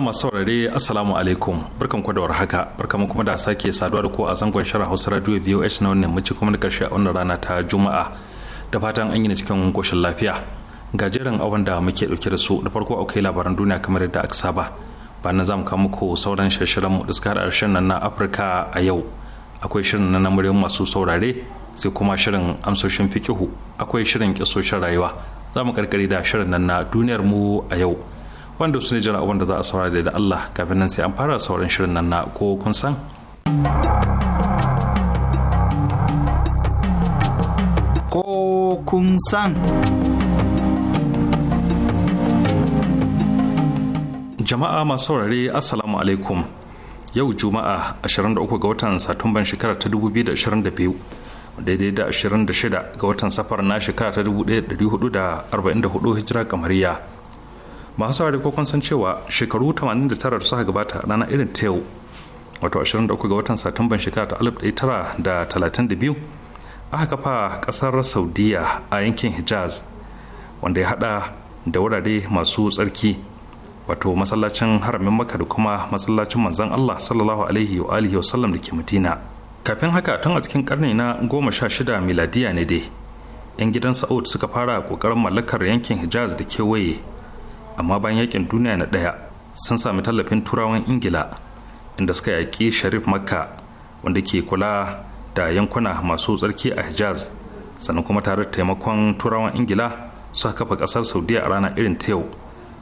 masu saurare assalamu alaikum barkan ku da haka barkan kuma da sake saduwa da ku a zangon shara Hausa Radio VOH na wannan mace kuma da karshe a wannan rana ta Juma'a da fatan an yi cikin koshin lafiya ga jerin abin da muke dauke da su da farko akwai labaran duniya kamar yadda aka saba ba na zamu kawo muku sauran shirshiran mu da suka hada shirin nan na Afirka a yau akwai shirin na namurin masu saurare sai kuma shirin amsoshin fikihu akwai shirin kisoshin rayuwa za mu karkare da shirin nan na duniyar mu a yau wanda su ne jira abin da za a saurari da Allah kafin nan sai an fara sauran shirin nan na ko kun san ko kun san jama'a masu saurare assalamu alaikum yau juma'a 23 ga watan satumban shekara ta 2022 daidai da 26 ga watan safar na shekara ta 1444 hijira kamariya masu saurari ko san cewa shekaru 89 suka gabata rana irin ta yau wato 23 ga watan satumban shekara ta 1932 aka kafa ƙasar saudiya a yankin hijaz wanda ya haɗa da wurare masu tsarki wato masallacin haramin maka da kuma masallacin manzan allah sallallahu alaihi wa alihi sallam da ke madina kafin haka tun a cikin karni na goma sha shida miladiya ne dai yan gidan sa'ud suka fara kokarin mallakar yankin hijaz da kewaye amma bayan yakin duniya na ɗaya sun sami tallafin turawan ingila inda suka yaƙi sharif makka wanda ke kula da yankuna masu tsarki a hijaz sannan kuma tare da taimakon turawan ingila suka kafa ƙasar saudiya a rana irin ta yau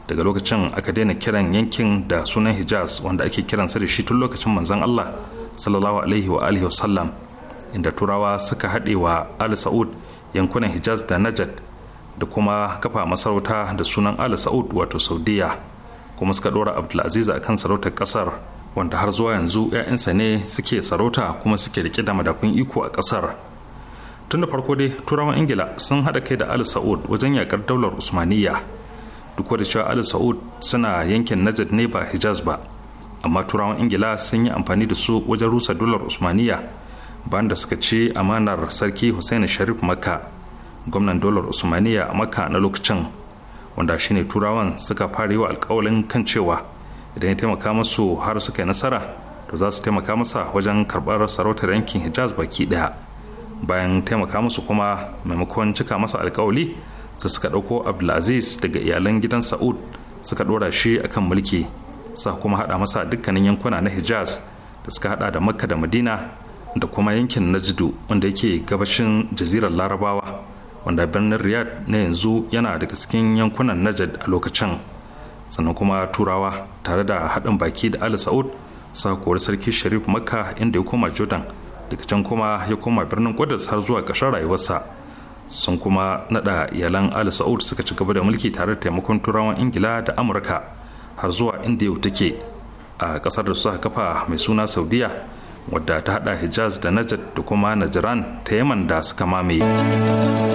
daga lokacin aka daina kiran yankin da sunan hijaz wanda ake kiran sa da shi tun lokacin manzon allah sallallahu alaihi wa alihi wasallam inda turawa suka haɗe wa al sa'ud yankunan hijaz da najat. da kuma kafa masarauta da sunan ali sa'ud wato saudiya kuma suka dora abdulaziz a kan sarautar kasar wanda har zuwa yanzu 'ya'yansa ne suke sarauta kuma suke rike da madafun iko a kasar tun da farko dai turawan ingila sun haɗa kai da ali sa'ud wajen yakar daular usmaniya duk da cewa ali sa'ud suna yankin najd ne ba hijaz ba amma turawan ingila sun yi amfani da su wajen rusa daular usmaniyya bayan da suka ci amanar sarki hussein sharif makka gwamnan dolar usmaniya a maka na lokacin wanda shine turawan suka fara yi wa alkawalin kan cewa idan ya taimaka masu har suka yi nasara to za su taimaka masa wajen karɓar sarautar yankin hijaz baki ɗaya bayan taimaka masu kuma maimakon cika masa alkawali su suka ɗauko abdulaziz daga iyalan gidan sa'ud suka dora shi akan mulki sa kuma haɗa masa dukkanin yankuna na hijaz da suka haɗa da makka da madina da kuma yankin najdu wanda yake gabashin jazirar larabawa wanda birnin riyadh na yanzu yana daga cikin yankunan najad a lokacin sannan kuma turawa tare da haɗin baki da ali sa'ud sakowar sarki sharif makka inda ya koma jordan daga can kuma ya koma birnin kudus har zuwa ƙarshen rayuwarsa sun kuma nada iyalan ali sa'ud suka ci gaba da mulki tare da taimakon turawan ingila da amurka har zuwa inda yau take a ƙasar da suka kafa mai suna saudiya wadda ta hada hijaz da najad da kuma najiran ta yaman da suka mamaye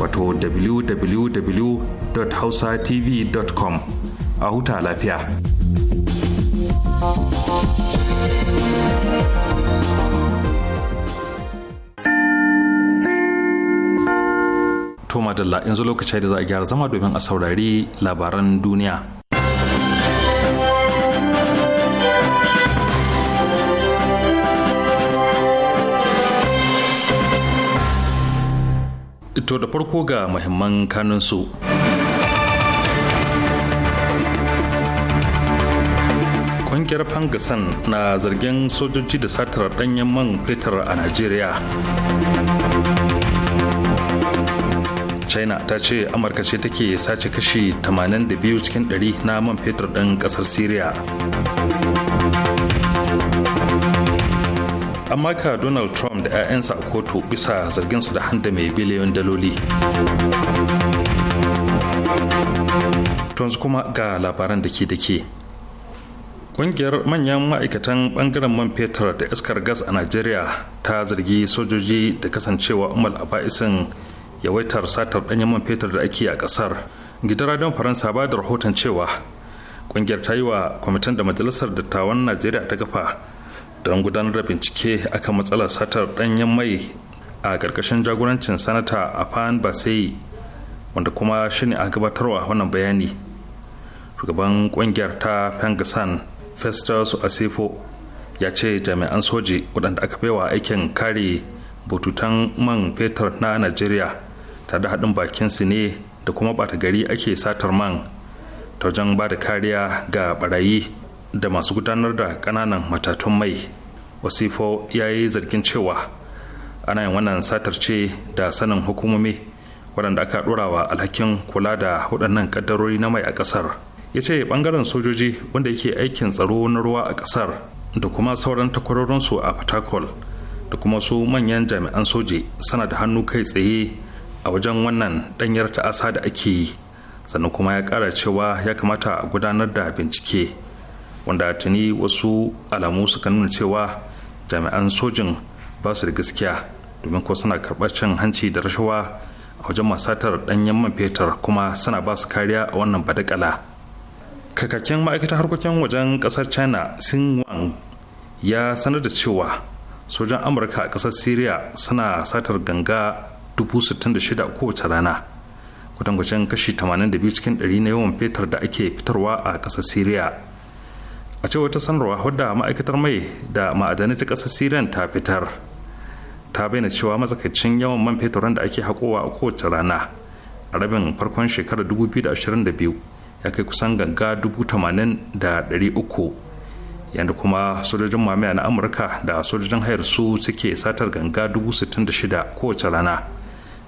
wato www.hausatv.com a huta lafiya. Toma Dalla yanzu lokaci da za a gyara zama domin a saurari labaran duniya. ito da farko ga muhimman su Ƙungiyar Fangasan na zargin sojoji da satar ɗanyen man fetur a Najeriya. China ta ce Amurka ce take sace kashi 82 cikin 100 na man fetur ɗin ƙasar Siriya. an maka donald trump da 'ya'yansa a kotu bisa zarginsu da handa mai biliyon daloli yanzu kuma ga labaran da ke da ke Ƙungiyar manyan ma'aikatan bangaren man fetur da iskar gas a Najeriya ta zargi sojoji da kasancewa umal a ba'isin yawaitar satar ɗanyen man fetur da ake a ƙasar. Gidan radon Faransa ba da rahoton cewa ƙungiyar ta yi wa kwamitin da majalisar dattawan Najeriya ta kafa don gudanar da bincike akan matsalar satar danyen mai a karkashin jagorancin sanata afan basai wanda kuma shine a gabatarwa wannan bayani shugaban kungiyar ta pengasan festus asifo ya ce jami'an soji waɗanda aka baiwa aikin kare bututan man fetur na najeriya ta da haɗin bakin su ne da kuma ɓata gari ake satar man ta wajen ba da kariya ga barayi da masu gudanar da ƙananan matatun mai wasifo ya yi zargin cewa ana yin wannan satar ce da sanin hukumomi waɗanda aka ɗorawa alhakin kula da waɗannan ƙaddarori na mai a ƙasar ya ce ɓangaren sojoji wanda yake aikin tsaro na ruwa a ƙasar da kuma sauran takwarorinsu a fatakol da kuma su manyan jami'an soji sana da hannu kai tsaye a wajen wannan ɗanyar ta'asa da ake yi sannan kuma ya ƙara cewa ya kamata a gudanar da bincike wanda tuni wasu alamu suka nuna cewa jami'an sojin ba su da gaskiya domin ko suna karɓar cin hanci da rashawa a wajen masatar ɗanyen man fetur kuma suna ba su kariya a wannan badakala kakakken ma'aikatar harkokin wajen ƙasar china sin wang ya sanar da cewa sojan amurka a ƙasar syria suna satar ganga 66,000 kowace rana kwatankwacin kashi 82 cikin 100 na yawan fetur da ake fitarwa a ƙasar syria a cewa ta sanarwa wadda ma'aikatar mai da ma'adanai ta ƙasar syrian ta fitar ta bayyana cewa matsakaicin yawan man fetur da ake haƙowa a kowace rana a rabin farkon shekarar 2022 ya kai kusan ganga 80,300 yadda kuma sojojin mamaya na amurka da sojojin hayar su suke satar ganga 66,000 kowace rana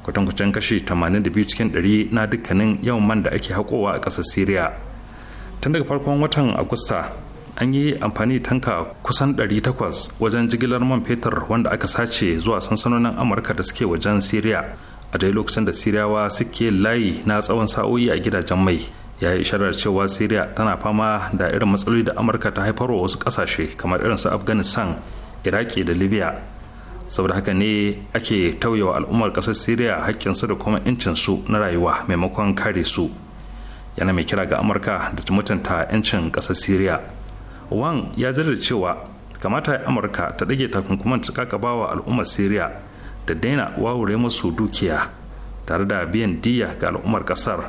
kwatankwacin kashi 82 cikin 100 na dukkanin yawan man da ake haƙowa a ƙasar syria tun daga farkon watan agusta an yi amfani tanka kusan 800 wajen jigilar man fetur wanda aka sace zuwa sansanonin amurka da suke wajen syria a dai lokacin da siriyawa suke layi na tsawon sa'o'i a gidajen mai ya yi isharar cewa siriya tana fama da irin matsaloli da amurka ta haifar wa wasu kasashe kamar irin su afghanistan iraki da libya saboda haka ne ake tauyewa al'ummar kasar syria hakkinsu da kuma 'yancinsu na rayuwa maimakon kare su yana mai kira ga amurka da ta mutunta 'yancin kasar siriya wang ya zarra cewa kamata ya amurka ta ɗage takunkuman ta kakabawa al'ummar syria da daina wawure masu dukiya tare da biyan diya ga al'ummar ƙasar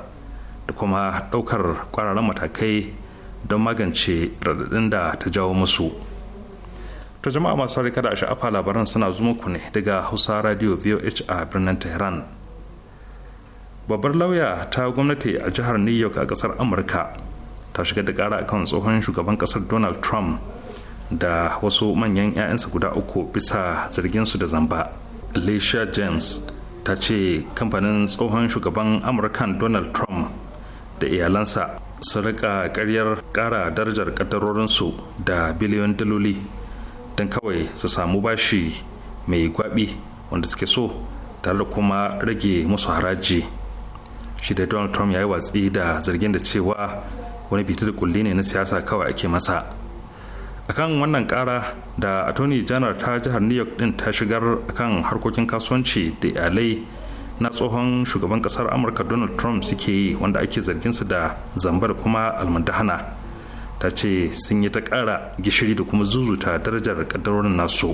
da kuma ɗaukar ƙwararren matakai don magance raɗaɗin da ta jawo musu ta jama'a masu harika da sha'afa labaran suna zuma ku ne daga hausa radio voh a birnin tehran babbar lauya ta gwamnati a jihar new york a ƙasar amurka ta shiga da kara akan tsohon shugaban kasar donald trump da wasu manyan 'ya'yansa guda uku bisa zarginsu da zamba alicia james ta ce kamfanin tsohon shugaban amurkan donald trump da iyalansa sun rika karyar kara darajar kadarorinsu da biliyon daloli don kawai su samu bashi mai gwabi wanda suke so tare da kuma rage musu haraji shi da donald trump ya yi watsi da zargin da cewa wani bita da kulli ne na siyasa kawai ake masa akan wannan kara da attorney janar ta jihar new york din ta shigar akan harkokin kasuwanci da iyalai na tsohon shugaban kasar amurka donald trump suke yi wanda ake zargin su da zambar kuma almundahana ta ce sun yi ta kara gishiri da kuma zuzuta darajar kaddarorin nasu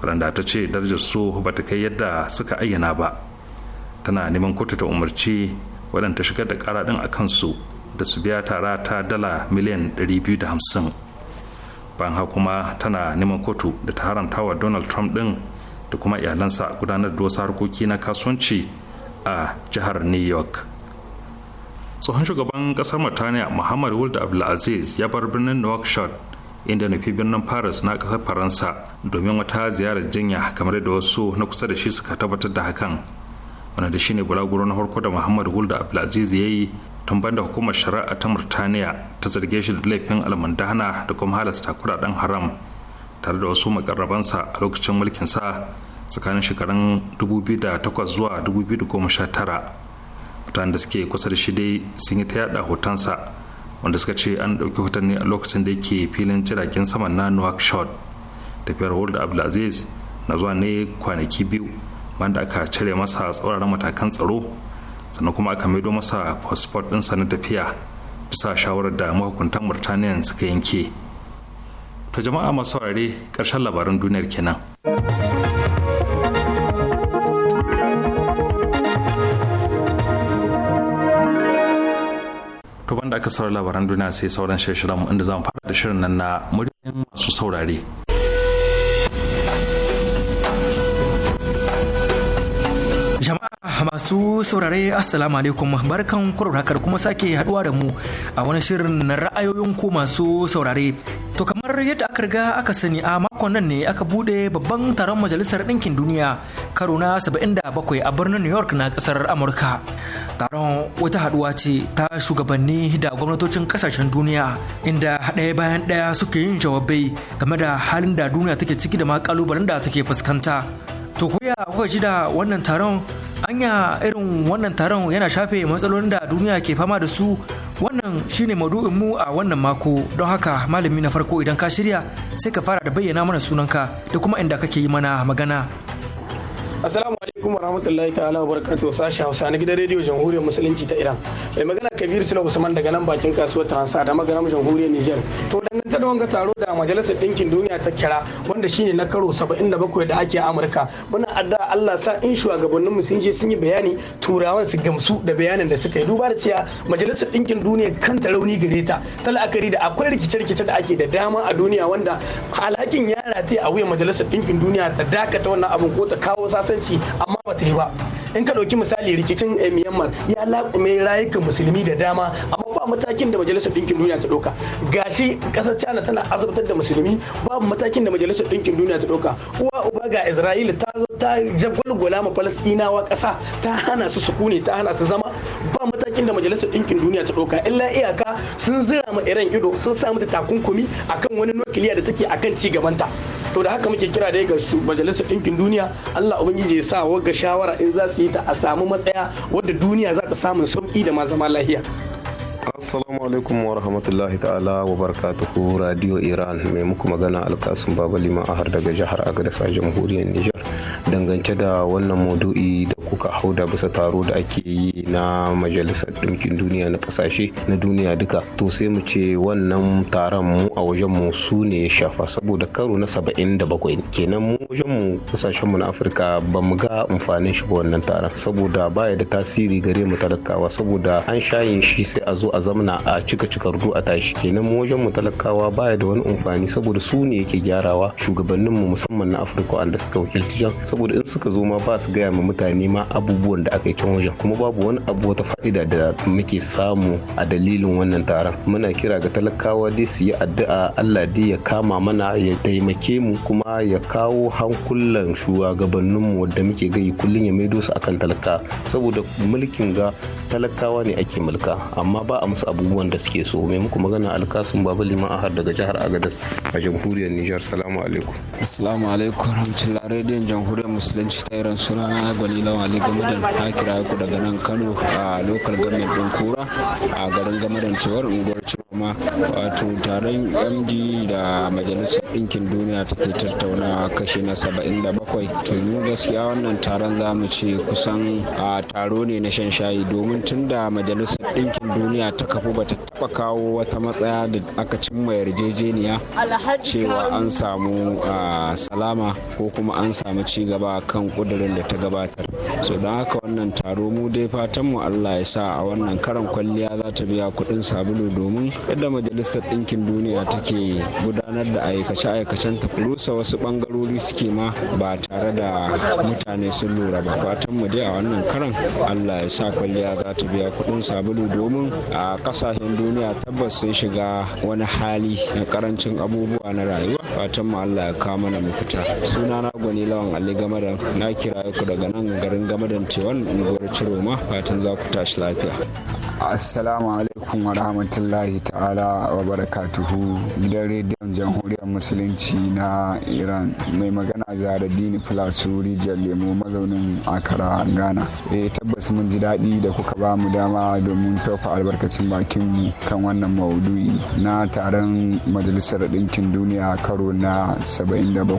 wadanda ta ce darajar su ba ta kai yadda suka ayyana ba tana neman kotu ta umarci waɗanta shigar da kara din a kansu da su biya tara ta dala miliyan 250 ban ha kuma tana neman kotu da ta haramta wa donald trump din da kuma iyalansa gudanar da wasu harkoki na kasuwanci a jihar new york tsohon shugaban kasar martaniya muhammad wuld abdulaziz ya bar birnin nouakchott inda nufi birnin paris na kasar faransa domin wata ziyarar jinya kamar da wasu na kusa da shi suka tabbatar da hakan wanda da shine bulaguro na farko da muhammad wuld abdulaziz ya yi tun da hukumar shari'a ta murtaniya ta zarge shi da laifin almundahana da kuma halasta kudaden haram tare da wasu makarrabansa a lokacin mulkin sa tsakanin shekarun 2008 zuwa 2019 mutanen da suke kusa da shi dai sun yi ta yada hotonsa wanda suka ce an ɗauki hoton ne a lokacin da yake filin jiragen saman na shot tafiyar World Abdulaziz na zuwa ne kwanaki biyu wanda aka cire masa tsauraran matakan tsaro sannan kuma aka maido masa fasfot ɗinsa na tafiya bisa shawarar da mahukuntan murtaniya suka yanke ta jama'a masu saurare ƙarshen labaran duniyar kenan to banda aka saurari labaran duniya sai sauran shirye-shiryen inda zan fara da shirin nan na muryoyin masu saurare Jama'a masu saurare Assalamu alaikum barkan kurrakar kuma sake haduwa da mu a wani shirin na ra'ayoyin ku masu saurare. To kamar yadda aka riga aka sani a makon nan ne aka bude babban taron majalisar ɗinkin duniya karo na 77 a birnin New York na ƙasar Amurka. Taron wata haduwa ce ta shugabanni da gwamnatocin ƙasashen duniya inda ɗaya bayan ɗaya suke yin jawabai game da halin da duniya take ciki da ma ƙalubalen da take fuskanta. to kuya kuka ji da wannan taron anya irin wannan taron yana shafe matsalolin da duniya ke fama da su wannan shine maudu'in mu a wannan mako don haka malami na farko idan ka shirya sai ka fara da bayyana mana sunanka da kuma inda kake yi mana magana Assalamu alaikum warahmatullahi ta'ala wa sashi Hausa na gidan rediyo Jamhuriyar Musulunci ta Iran. Mai magana Kabir Sula Usman daga nan bakin kasuwar Transa da maganar Jamhuriyar Niger. To dangantar da wanga taro da Majalisar Dinkin Duniya ta kira wanda shine na karo 77 da ake Amurka. Muna adda Allah sa in shugabannin mu sun je sun yi bayani turawan su gamsu da bayanin da suka yi duba da cewa Majalisar Dinkin Duniya kanta rauni gare ta. la'akari da akwai rikice-rikice da ake da dama a duniya wanda alhakin ya rataye a wuyan Majalisar Dinkin Duniya ta dakata wannan abin ko ta kawo sasa kasance amma ba ta yi ba in ka ɗauki misali rikicin eh, myanmar ya laƙume rayukan musulmi da dama amma ba matakin da majalisar ɗinkin duniya ta ɗauka shi ƙasar china tana azabtar da musulmi babu matakin da majalisar ɗinkin duniya ta ɗauka uwa uba ga isra'ila ta zo ta jagwalgwala ma falasɗinawa ƙasa ta hana su sukuni ta hana su zama ba matakin da majalisar ɗinkin duniya ta ɗauka illa iyaka sun zira ma iran ido sun samu da takunkumi akan wani nukiliya da take akan ci gabanta to da haka muke kira dai ga majalisar ɗinkin duniya Allah ubangiji ya sa wagga shawara in za su yi ta a samu matsaya wadda duniya za ta samun sauki da ma zama lahiya Assalamu alaikum wa rahmatullahi ta'ala wa barakatuhu Radio Iran mai muku magana alkasun Baba Liman Ahar daga jihar Agadez a jamhuriyar Nijar dangance da wannan maudu'i da kuka hau da bisa taro da ake yi na majalisar ɗinkin duniya na fasashe na duniya duka to sai mu ce wannan taron mu a wajen mu su ne ya shafa saboda karo na saba'in da bakwai kenan mu wajen mu kasashen mu na Afirka ba mu ga amfanin shi ba wannan taron saboda baya da tasiri gare mu talakawa saboda an shayin shi sai a zo a zamna a cika rugu a tashi kenan mu wajen mu talakawa baya da wani amfani saboda su ne yake gyarawa shugabannin mu musamman na afirka wanda suka wakilci can saboda in suka zo ma ba su gaya ma mutane ma abubuwan da aka yi can wajen kuma babu wani abu wata fa'ida da muke samu a dalilin wannan taron muna kira ga talakawa dai su yi addu'a Allah dai ya kama mana ya taimake mu kuma ya kawo hankulan shugabannin mu wanda muke gai kullun ya maido su akan talaka saboda mulkin ga talakawa ne ake mulka amma ba a musu abubuwan da suke so mai muku magana alkasun babu liman ahar daga jihar agadas a jamhuriyar nijar salamu alaikum assalamu alaikum rahmatullah rediyon jamhuriyar musulunci ta iran suna na gwani lawan ali gamadan na kira ku daga nan kano a lokal gamen ɗin kura a garin gamadan cewar unguwar ciroma wato taron md da majalisar ɗinkin duniya take tattaunawa kashi na 77 to mu gaskiya wannan taron za mu ce kusan a taro ne na shan shayi domin tun da majalisar ɗinkin duniya ta kafu bata taɓa kawo wata matsaya da aka cimma yarjejeniya cewa an samu salama ko kuma an samu ci gaba kan kudurin da ta gabatar so don haka wannan taro mu dai fatan mu allah ya sa a wannan karan kwalliya za ta biya kuɗin sabulu domin yadda majalisar ɗinkin duniya take gudanar da aikace wasu aikacen ta rusa wasu bangarori suke ma ba tare da mutane sun lura ba fatan mu dai a wannan karan allah ya sa kwalliya za ta biya kudin sabulu domin a kasashen duniya tabbas sun shiga wani hali na karancin abubuwa na rayuwa fatan mu allah ya kawo mana mafita suna na gwani lawan ali gamadan na kira ku daga nan garin gamadan tewan unguwar ciroma fatan za ku tashi lafiya Assalamu alaikum wa rahmatullahi ta'ala wa barakatuhu gidan rediyon jamhuriyar musulunci na Iran mai magana zara dini Filasu Rijiyar Lemo mazaunin Akara Ghana. Eh tabbas mun ji daɗi da kuka ba mu dama domin tofa albarkacin bakin kan wannan maudu'i na taron majalisar ɗinkin duniya karo na 77.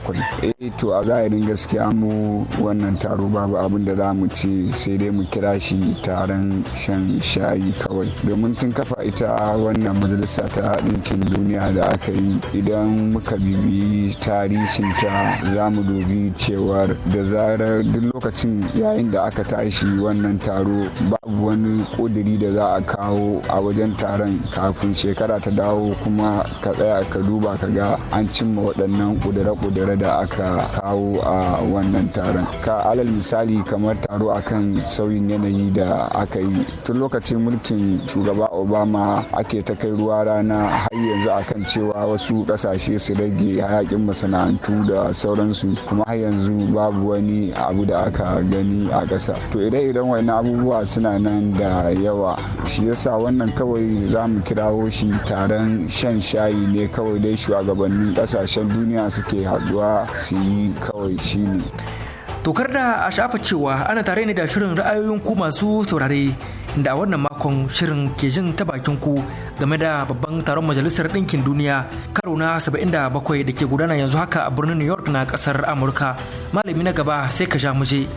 Eh to a zahirin gaskiya mu wannan taro babu abin da za mu ci sai dai mu kira shi taron shan shayi kawai domin tun kafa ita wannan majalisa ta ɗinkin duniya da aka yi idan muka bibi tarihinta za mu dubi cewar da zarar duk lokacin yayin da aka tashi wannan taro babu wani ƙudiri da za a kawo a wajen taron kafin shekara ta dawo kuma ka tsaya ka duba ka ga an cimma waɗannan ƙudire-ƙudire da aka kawo a wannan taron ka alal misali kamar taro akan sauyin yanayi da aka yi tun lokacin mulki mulkin shugaba obama ake ta kai ruwa rana har yanzu akan cewa wasu kasashe su rage hayakin masana'antu da sauransu kuma har yanzu babu wani abu da aka gani a ƙasa to ire-iren wani abubuwa suna nan da yawa shi yasa wannan kawai za mu kirawo shi taron shan shayi ne kawai dai shugabannin kasashen duniya suke haɗuwa su yi kawai shine tokar da a shafa cewa ana tare ne da shirin ra'ayoyin ku masu saurare da a wannan makon shirin ke jin ta bakin ku game da babban taron majalisar ɗinkin duniya karo na 77 da ke gudana yanzu haka a birnin New York na ƙasar Amurka. Malami na gaba sai ka ja muje.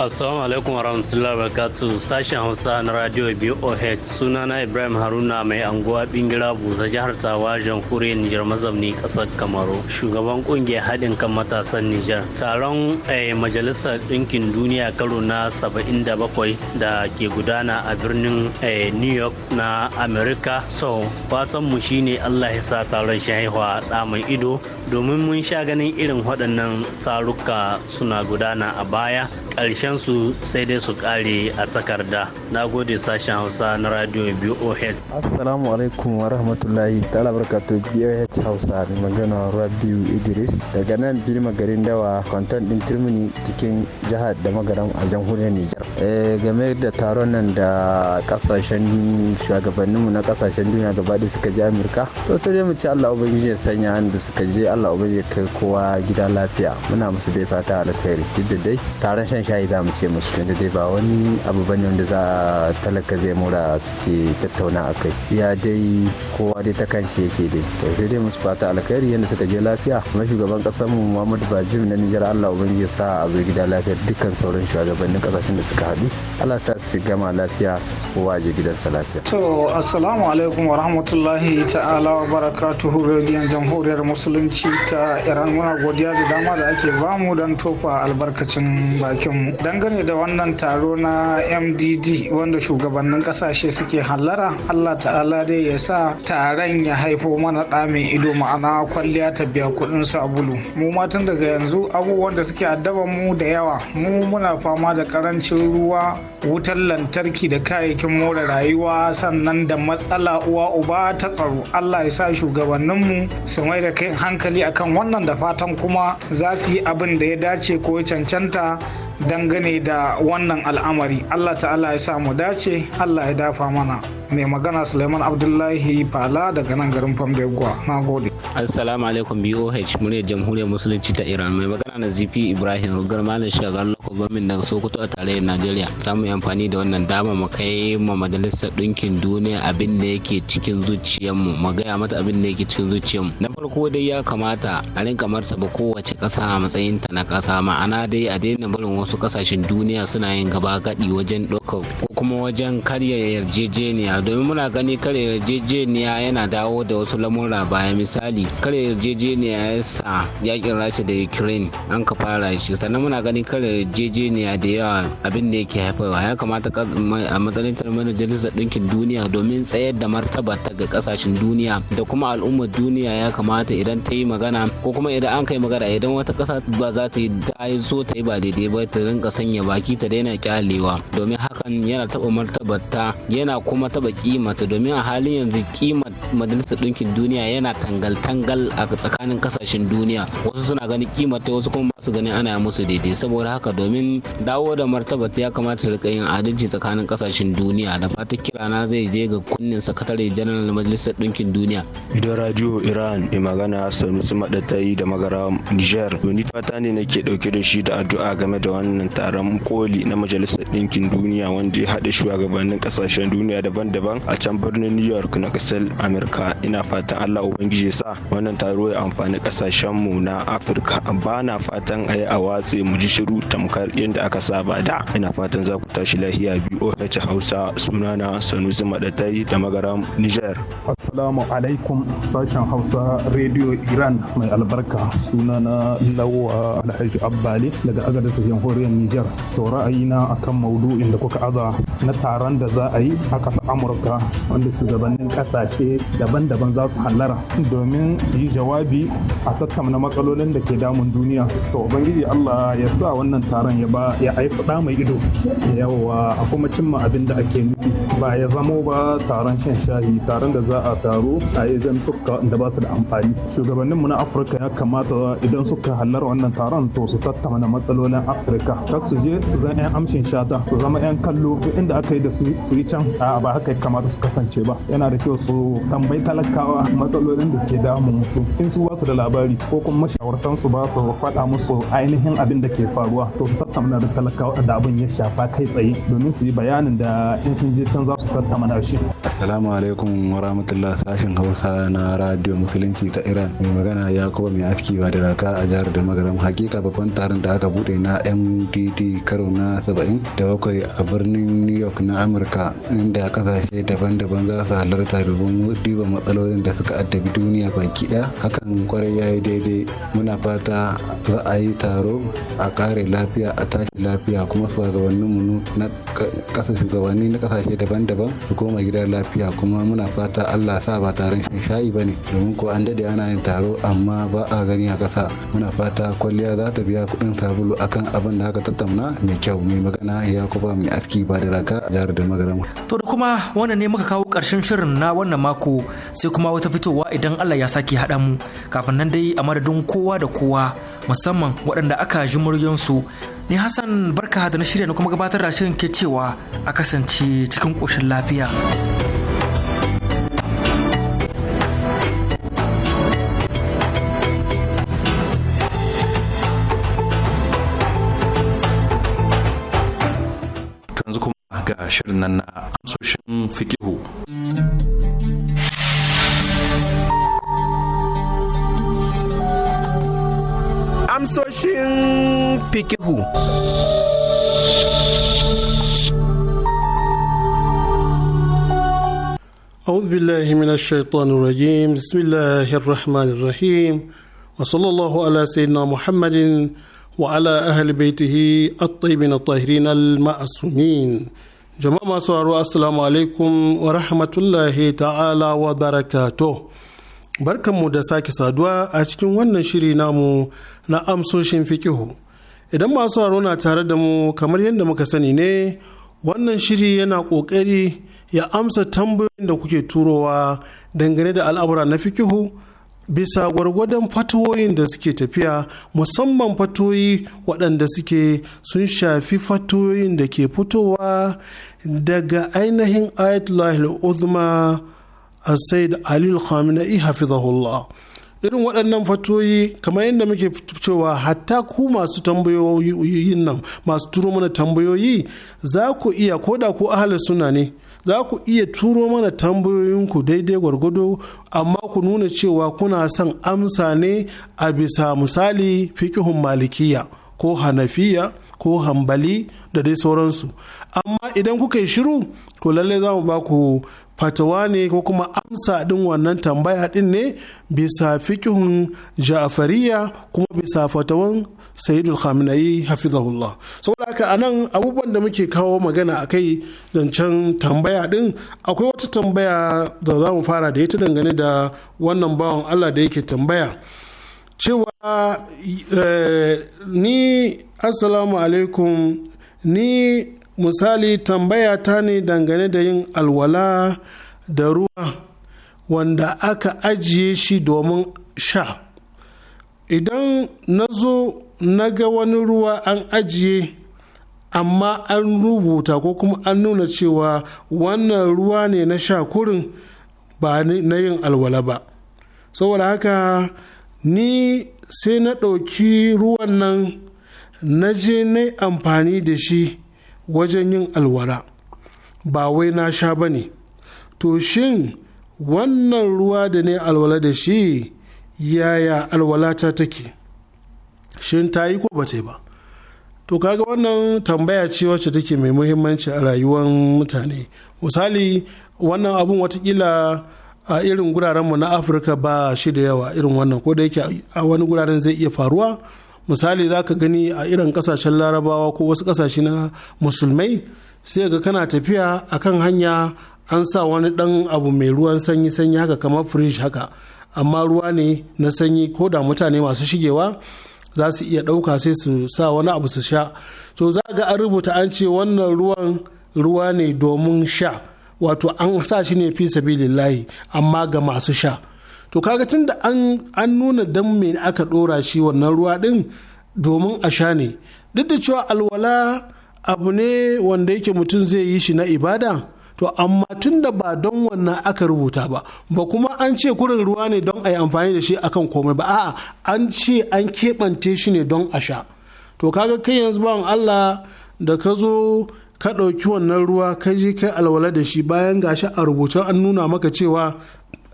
Assalamu alaikum warahmatullahi wabarakatuh sashen Hausa na Radio BOH sunana Ibrahim Haruna mai anguwa Bingira Buza jihar Tawa jamhuriyar Nijar mazamni kasar Kamaru shugaban kungiyar haɗin kan matasan Nijar taron eh, majalisar ɗinkin duniya karo na 77 da ke gudana a birnin eh, New York na America so fatan mu shine Allah ya sa taron shi haihuwa da mai ido domin mun sha ganin irin waɗannan tsaruka suna gudana a baya ƙarshe karshen su sai dai su kare a takarda na gode sashen hausa na radio boh assalamu alaikum wa rahmatullahi ta'ala barkatu boh hausa ne magana rabiu idris daga nan birma magarin dawa kwanton din turmini cikin jihar da magaram a jamhuriyar nijar eh, game da taron nan da kasashen shugabanninmu na kasashen duniya gaba da suka je amurka to sai dai mu ci allah ubangiji ya sanya da suka je allah ubangiji kai kowa gida lafiya muna musu dai fata alkhairi duk da dai taron shan shayi za mu ce musu tunda dai ba wani abu bane wanda za a talaka zai mura suke tattauna a kai ya dai kowa dai ta kan shi yake dai to sai dai musu fata alkhairi yadda suka je lafiya kuma shugaban kasar mu Muhammadu Bazim na Nijar Allah ubangiji ya sa a zo gida lafiya dukkan sauran shugabannin kasashen da suka haɗu Allah sa su gama lafiya kowa je gidansa lafiya to assalamu alaikum wa rahmatullahi ta'ala wa barakatuhu radiyon jamhuriyar musulunci ta Iran muna godiya da dama da ake bamu dan tofa albarkacin bakin mu dangane da wannan taro na mdd wanda shugabannin kasashe suke hallara allah ta'ala dai ya sa taron ya haifo mana tsamin ido ma'ana kwalliya ta biya kuɗin sabulu mu matan daga yanzu abubuwan da suke addaban mu da yawa mu muna fama da karancin ruwa wutar lantarki da kayayyakin more rayuwa sannan da matsala uwa uba ta tsaro allah ya sa shugabanninmu su mai da kai hankali akan wannan da fatan kuma za su yi abin da ya dace ko cancanta dangane da wannan al'amari allah ta'ala ya sa mu dace allah ya dafa mana mai magana suleiman abdullahi fala daga nan garin fambegwa na gode assalamu alaikum boh muryar jamhuriyar musulunci ta iran mai magana na zp ibrahim rugar malam shagar lokacin Gwamnatin daga sokoto a tarayyar najeriya samu amfani da wannan dama mu kai ma majalisar dinkin duniya abin da yake cikin zuciyar mu mu gaya mata abin da yake cikin zuciyar mu. na farko dai ya kamata a rinka martaba kowace ƙasa a matsayin ta na ƙasa ma'ana dai a daina barin wasu wasu kasashen duniya suna yin gaba gadi wajen ɗaukar ko kuma wajen karya yarjejeniya domin muna gani karya yarjejeniya yana dawo da wasu lamura baya misali karya yarjejeniya ya sa yakin rasha da ukraine an ka fara shi sannan muna gani karya yarjejeniya da yawa abin da yake haifarwa ya kamata a matsayin majalisar ɗinkin duniya domin tsayar da martaba ta ga kasashen duniya da kuma al'ummar duniya ya kamata idan ta yi magana ko kuma idan an kai magana idan wata kasa ba za ta yi ta so ta yi ba daidai ba ta rinka sanya baki ta daina kyalewa domin hakan yana taba martabarta yana kuma taba kimata domin a halin yanzu kimar majalisar dinkin duniya yana tangal-tangal a tsakanin kasashen duniya wasu suna ganin kimata wasu kuma masu ganin ana musu daidai saboda haka domin dawo da martabarta ya kamata rika yin adalci tsakanin kasashen duniya da fatan kirana zai je ga kunnin sakatare janar majalisar dinkin duniya. idan radio Iran ya magana sanusu Maɗatai da Magara Niger. Wani fata ne nake ɗauke da shi da addu'a game da wannan taron koli na majalisar ɗinkin duniya wanda ya haɗa shugabannin ƙasashen duniya daban-daban a can birnin new york na ƙasar amurka ina fatan allah ubangiji sa wannan taro ya amfani ƙasashen mu na afirka ba na fatan a yi a watse mu ji shiru tamkar yadda aka saba da ina fatan za ku tashi lahiya biyu boh hausa sunana sanusi maɗatai da magaram niger assalamu alaikum sashen hausa rediyo iran mai albarka sunana lawa alhaji abbali daga agadar sahihan jamhuriyar Nijar. To ra'ayina akan maudu'in da kuka aza na taron da za a yi a ƙasar Amurka wanda shugabannin ƙasashe daban-daban za su hallara domin yi jawabi a tattauna matsalolin da ke damun duniya. To Ubangiji Allah ya sa wannan taron ya ba ya aifi da mai ido yawa a kuma cimma abin da ake nufi ba ya zamo ba taron shan shayi taron da za a taro a yi zantuka da ba su da amfani. Shugabanninmu na Afirka ya kamata idan suka hallara wannan taron to su tattauna matsalolin Afirka Amurka. kar su je su zama 'yan amshin shata su zama 'yan kallo duk inda aka yi da su su yi can a ba haka ya kamata su kasance ba yana da kyau su tambayi talakawa matsalolin da ke damun su in su ba su da labari ko kuma mashawartan su ba su faɗa musu ainihin abin da ke faruwa to su tattauna da talakawa da abin ya shafa kai tsaye domin su yi bayanin da in sun je can za su tattauna shi assalamu alaikum wa rahmatullah sashin hausa na radio musulunci ta iran mai magana yakuba mai aski ba da raka a jihar da magaram hakika babban taron da aka bude na yan mdd karo na 77 a birnin new york na amurka inda kasashe daban-daban za su halarta domin diba matsalolin da suka addabi duniya baki ɗaya hakan kwarai ya yi daidai muna fata za a yi taro a kare lafiya a tashi lafiya kuma su shugabanninmu na kasa shugabanni na kasashe daban-daban su koma gida lafiya kuma muna fata allah sa ba taron shan shayi ba ne domin ko an dade ana yin taro amma ba a gani a kasa muna fata kwalliya za ta biya kuɗin sabulu akan abin da ka tattauna mai kyau mai magana ya kuma mai aski ba da raka jihar da magaram. To da kuma wannan ne muka kawo ƙarshen shirin na wannan mako sai kuma wata fitowa idan Allah ya sake haɗa mu kafin nan dai a madadin kowa da kowa musamman waɗanda aka ji muryansu ni Hassan barka da na shirya na kuma gabatar da shirin ke cewa a kasance cikin ƙoshin lafiya. zuwa ga shirin nan na amsoshin fikihu. Amsoshin fikihu. أعوذ بالله من الشيطان الرجيم بسم الله الرحمن الرحيم وصلى الله على سيدنا محمد وعلى أهل بيته الطيبين الطاهرين المعصومين jama'a masu haro assalamu alaikum wa rahmatullahi ta'ala wa barakato barkanmu da sake saduwa a cikin wannan shiri namu na amsoshin fikihu idan masu haro na tare da mu kamar yadda muka sani ne wannan shiri yana kokari ya amsa tambayoyin da kuke turowa dangane da al'amura na fikihu bisa gwargwadon fatoyin da suke tafiya musamman fatoyi waɗanda suke sun shafi fatoyin da ke fitowa daga ainihin ayatollah uzma a said alil khamenei hafizahullah irin waɗannan fatoyi kamar yadda muke cewa hatta ku masu tambayoyin nan masu turo mana tambayoyi za ku iya koda ku ahalar suna ne za ku iya turo mana tambayoyinku daidai gwargwado amma ku nuna cewa kuna son amsa ne a bisa misali fikihun malikiya ko hanafiya ko hambali da dai sauransu amma idan kuka yi shiru to lallai za mu ba ku fatawa ne ko kuma amsa din wannan tambaya din ne bisa fikihun ja'afariya kuma bisa fatawan sayyidul khamenei hafizahullah saboda haka nan abubuwan da muke kawo magana a kai zancen tambaya din akwai wata tambaya da za mu fara da ita dangane da wannan bawan allah da yake tambaya cewa eh, ni assalamu alaikum ni misali tambaya ta ne dangane da yin alwala da ruwa wanda aka ajiye shi domin sha idan na zo na ga wani ruwa an ajiye amma an rubuta ko kuma an nuna cewa wannan ruwa ne na sha kurin ba na yin alwala ba saboda haka ni sai na ɗauki ruwan nan na je na amfani da shi wajen yin alwala ba wai na sha ba ne to shin wannan ruwa da ne alwala da shi yaya alwalata take shin ta yi ko ba ta yi ba to kaga wannan tambaya ce wacce take mai muhimmanci a rayuwar mutane misali wannan abun watakila a irin gurarenmu na afirka ba shi da yawa irin wannan ko da yake a wani guraren zai iya faruwa misali za ka gani a irin kasashen larabawa ko wasu kasashe na musulmai sai ga kana tafiya a kan hanya an sa wani dan abu mai ruwan sanyi sanyi haka kamar fridge haka amma ruwa ne na sanyi ko da mutane masu shigewa za su iya ɗauka sai su sa wani abu su sha to za ga an rubuta an ce wannan ruwan ruwa ne domin sha wato an sa shi ne fi sabilillahi amma ga masu sha to kaga tun da an nuna dan me aka ɗora shi wannan ruwa ɗin domin a sha ne duk da cewa alwala abu ne wanda yake mutum zai yi shi na ibada to amma tun da ba don wannan aka rubuta ba ba kuma an ce kurin ruwa ne don a yi amfani da shi akan komai ba a'a an ce an keɓance shi ne don a sha to kaga kai yanzu ba Allah da ka zo ka ɗauki wannan ruwa ka je kai alwala da shi bayan gashi a rubuce an nuna maka cewa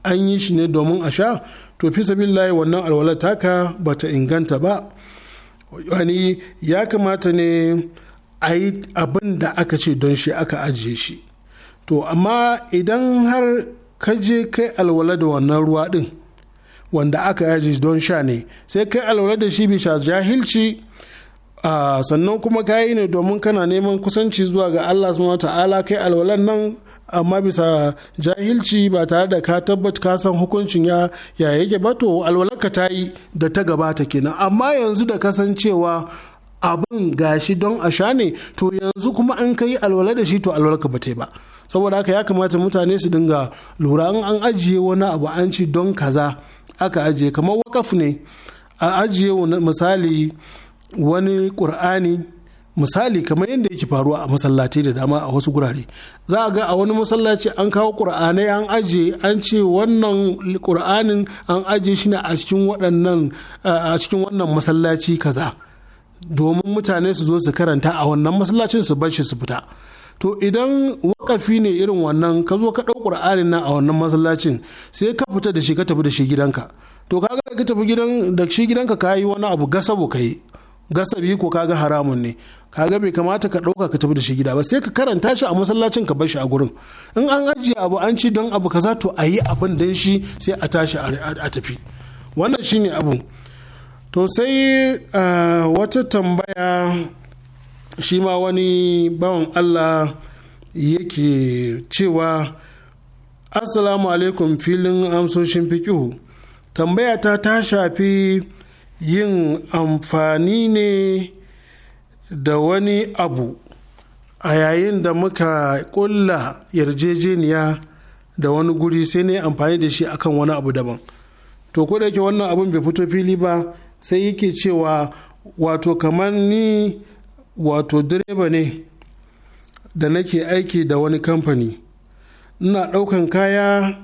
an yi shi ne domin a sha to fi sabillahi wannan alwala taka ba ta inganta ba wani ya kamata ne a yi abin da aka ce don shi aka ajiye shi to amma idan har ka je kai alwala da wannan ruwa din wanda aka yaji don sha ne sai kai alwala da shi bisa jahilci sannan kuma ka yi ne domin kana neman kusanci zuwa ga Allah subhanahu ta'ala kai alwalan nan amma bisa jahilci ba tare da ka tabbata ka san hukuncin ya ya yake ba to ka ta yi da ta gabata kenan amma yanzu da kasancewa abin gashi don a sha ne to yanzu kuma an kai alwala da shi to alwalaka ba ta yi ba saboda haka ya kamata mutane su dinga lura in an ajiye wani abu an ci don kaza aka ajiye kamar wakaf ne a ajiye misali wani ƙur'ani misali kamar yadda yake faruwa a masallaci da dama a wasu gurare za a ga a wani masallaci an kawo ƙur'anai an aje an ce wannan ƙur'anin an aje shi ne a cikin waɗannan a cikin wannan masallaci kaza domin mutane su zo su karanta a wannan masallacin su bar shi su fita to idan wakafi ne irin wannan ka zo ka ɗau ƙur'anin na a wannan masallacin sai ka fita da shi ka tafi da shi gidanka to kaga ka tafi gidan da shi gidanka ka yi wani abu gasabo ka yi gasabi ko ka ga haramun ne kaga bai kamata ka ɗauka ka tafi da shi gida ba sai ka karanta shi a masallacin ka bar shi a gurin in an ajiye abu an ci don abu kaza to a yi abin dan shi sai a tashi a tafi wannan shine abu to sai eh, wata tambaya shi ma wani bawan Allah yake cewa assalamu alaikum filin amsoshin fikihu tambaya ta ta shafi yin amfani ne da wani abu a yayin da muka kulla yarjejeniya da wani guri sai ne amfani da shi akan wani abu daban to ko da yake wannan abun bai fito fili ba sai yake cewa wato kamar ni wato direba ne da nake aiki da wani kamfani ina ɗaukan kaya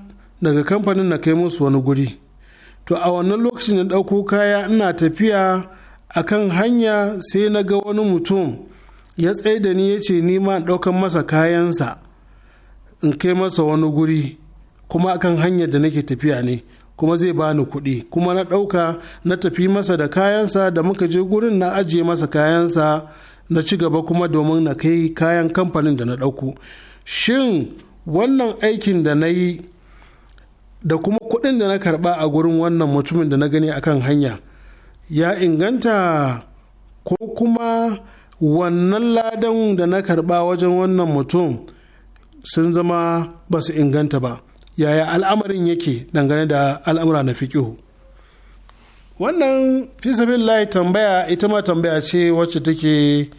daga kamfanin na kai musu wani guri to a wannan lokacin da ɗauko kaya ina tafiya a kan hanya sai na ga wani mutum ya tsaye da ni ya ce ni ma ɗaukan masa kayansa in kai masa wani guri kuma akan hanyar da nake tafiya ne kuma zai bani kuɗi kuma na ɗauka na tafi masa da kayansa da muka je gurin na ajiye masa kayansa na ci gaba kuma domin na kai kayan kamfanin da na ɗauku shin wannan aikin da na yi da kuma kuɗin da na karɓa a gurin wannan mutumin da na gani akan hanya ya inganta ko kuma wannan ladan da na karɓa wajen wannan mutum sun zama ba su inganta ba yaya al'amarin yake dangane da al'amura na fiƙihu wannan fisabillahi tambaya ita ma tambaya ce wacce take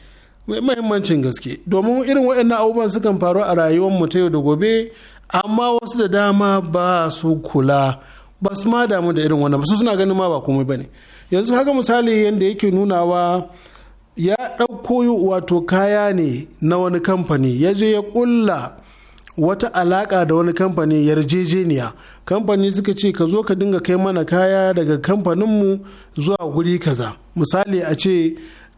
mai mahimmancin gaske domin irin waɗannan abubuwan sukan faru a rayuwar mu ta yau da gobe amma wasu da dama ba su kula ba su ma damu da irin wannan ba su suna ganin ma ba komai bane yanzu haka misali yadda yake nunawa ya ɗauko wato kaya ne na wani kamfani ya je ya ƙulla wata alaƙa da wani kamfani yarjejeniya kamfani suka ce ka zo ka dinga kai mana kaya daga kamfaninmu zuwa guri kaza misali a ce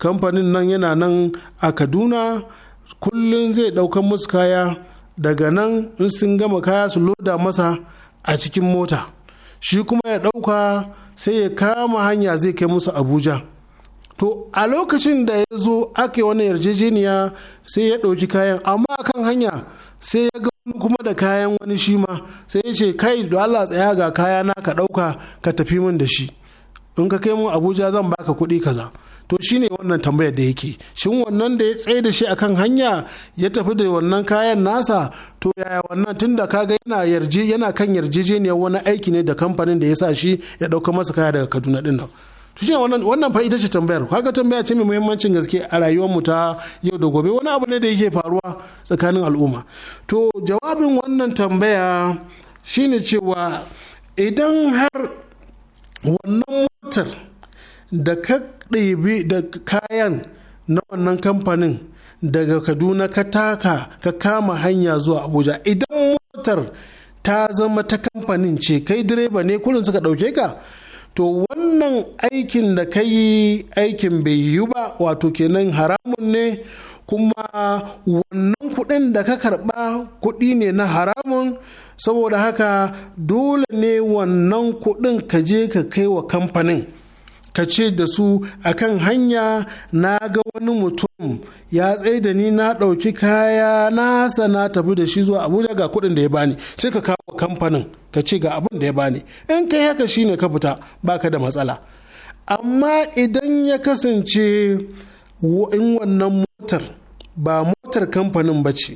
kamfanin nan yana nan a kaduna kullum zai ɗaukan musu kaya daga nan in sun gama kaya su loda masa a cikin mota shi kuma ya ɗauka sai ya kama hanya zai kai musu abuja to a lokacin da ya zo ake wani yarjejeniya sai ya ɗauki kayan amma kan hanya sai ya ga wani kuma da kayan wani shi ma sai ya ce kai da Allah tsaya ga kaya na ka ɗauka ka tafi min da shi in ka kai mun Abuja zan baka kuɗi kaza to shine wannan tambayar da yake shin wannan da ya tsaye da shi akan hanya ya tafi da wannan kayan nasa to yaya wannan tunda kaga yana yarje yana kan yarjejeniyar wani aiki ne da kamfanin da ya sa shi ya ɗauka masa kaya daga Kaduna dinnan. shi wannan wannan fa ita ce tambayar kaga tambaya ce mai muhimmancin gaske a rayuwar mu ta yau da gobe wani abu ne da yake faruwa tsakanin al'umma to jawabin wannan tambaya shine cewa idan har wannan motar da ka ɗebi da kayan na wannan kamfanin daga kaduna ka taka ka kama hanya zuwa abuja idan motar ta zama ta kamfanin ce kai direba ne kullum suka ɗauke ka to wannan aikin da ka yi aikin bai yiwu ba wato kenan haramun ne kuma wannan kuɗin da ka karɓa kuɗi ne na haramun saboda haka dole ne wannan kuɗin ka je ka kai wa kamfanin ka ce da su a kan hanya na ga wani mutum ya tsaye da ni na ɗauki kaya nasa na tafi da shi zuwa abuja ga kuɗin da ya bani sai ka kawo kamfanin ka ce ga abun da ya bani in kai haka shi ne ka fita ka da matsala amma idan ya kasance in wannan motar ba motar kamfanin ba ce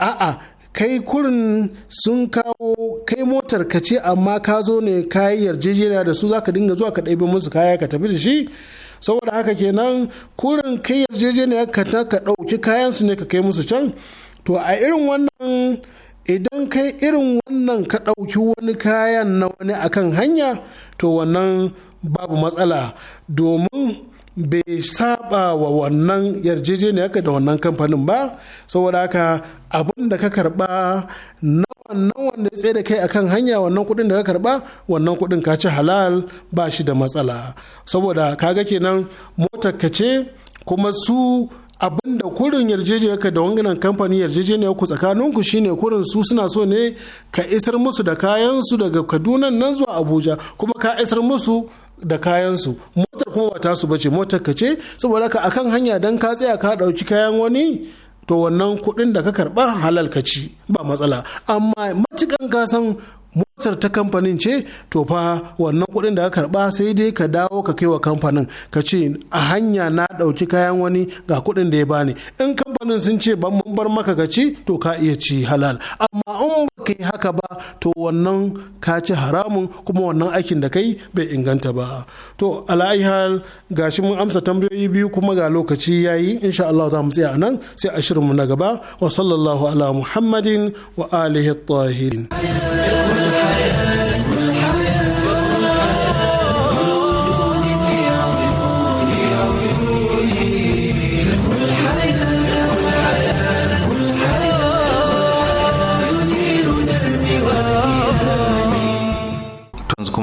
a'a kai kurin sun kawo kai motar ka ce amma ka zo ne kayi yarjejeniya da su za ka dinga zuwa ka ɗabi musu kaya ka tafi da shi saboda haka kenan kurin kai yarjejeniya ka ta ka ɗauki kayan ne ka kai musu can to a irin wannan idan kai irin wannan ka ɗauki wani kayan na wani akan hanya to wannan babu matsala domin bai saba wa wannan yarjejeniya da wannan kamfanin ba saboda haka abin da ka karba na wannan wanda ya tsaye da kai akan hanya wannan kudin da ka karba wannan kudin ka ci halal ba shi da matsala saboda ka kaga kenan motar ka ce kuma su abin da kurin ka da wannan kamfanin yarjejeniya ku tsakaninku shine kurin su suna so ne ka isar musu da kayansu daga kaduna nan zuwa abuja kuma ka isar musu da kayansu kuma ba tasu ba motar ka ce saboda ka akan hanya dan ka tsaya ka dauki kayan wani to wannan kuɗin da ka karba halal ka ci ba matsala amma matukan ka san motar ta kamfanin ce to fa wannan kuɗin da ka karba sai dai ka dawo ka kai wa kamfanin ka ce a hanya na ɗauki kayan wani ga kuɗin da ya bani in kamfanin sun ce ban bar maka ka ci to ka iya ci halal amma in ba ka yi haka ba to wannan ka ci haramun kuma wannan aikin da kai bai inganta ba to ala'ihal gashi mun amsa tambayoyi biyu kuma ga lokaci yayi insha Allah za mu tsaya a nan sai a shirinmu na gaba wa sallallahu ala muhammadin wa alihi tahirin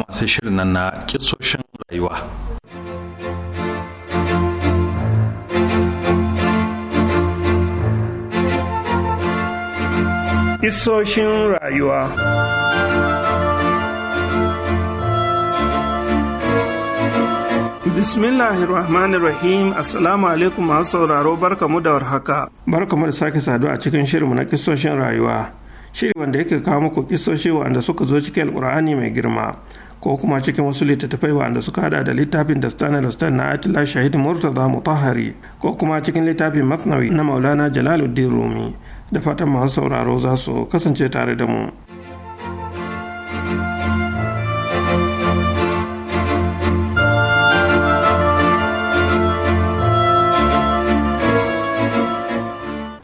Masu shirin nan na kisoshin rayuwa. Kisoshin rayuwa rahim, Assalamu alaikum masu sauraro barkamu da warhaka. Barkamu da sake saduwa a cikin shirinmu na kisoshin rayuwa. Shiri wanda yake kawo muku kisoshi wanda suka zo cikin alkur'ani mai girma. ko kuma cikin wasu littattafai wanda suka hada da littafin dastan dastan na atila shahid murtaza mutahari ko kuma cikin littafin masnawi na maulana jalaluddin rumi da fatan masu sauraro za su kasance tare da mu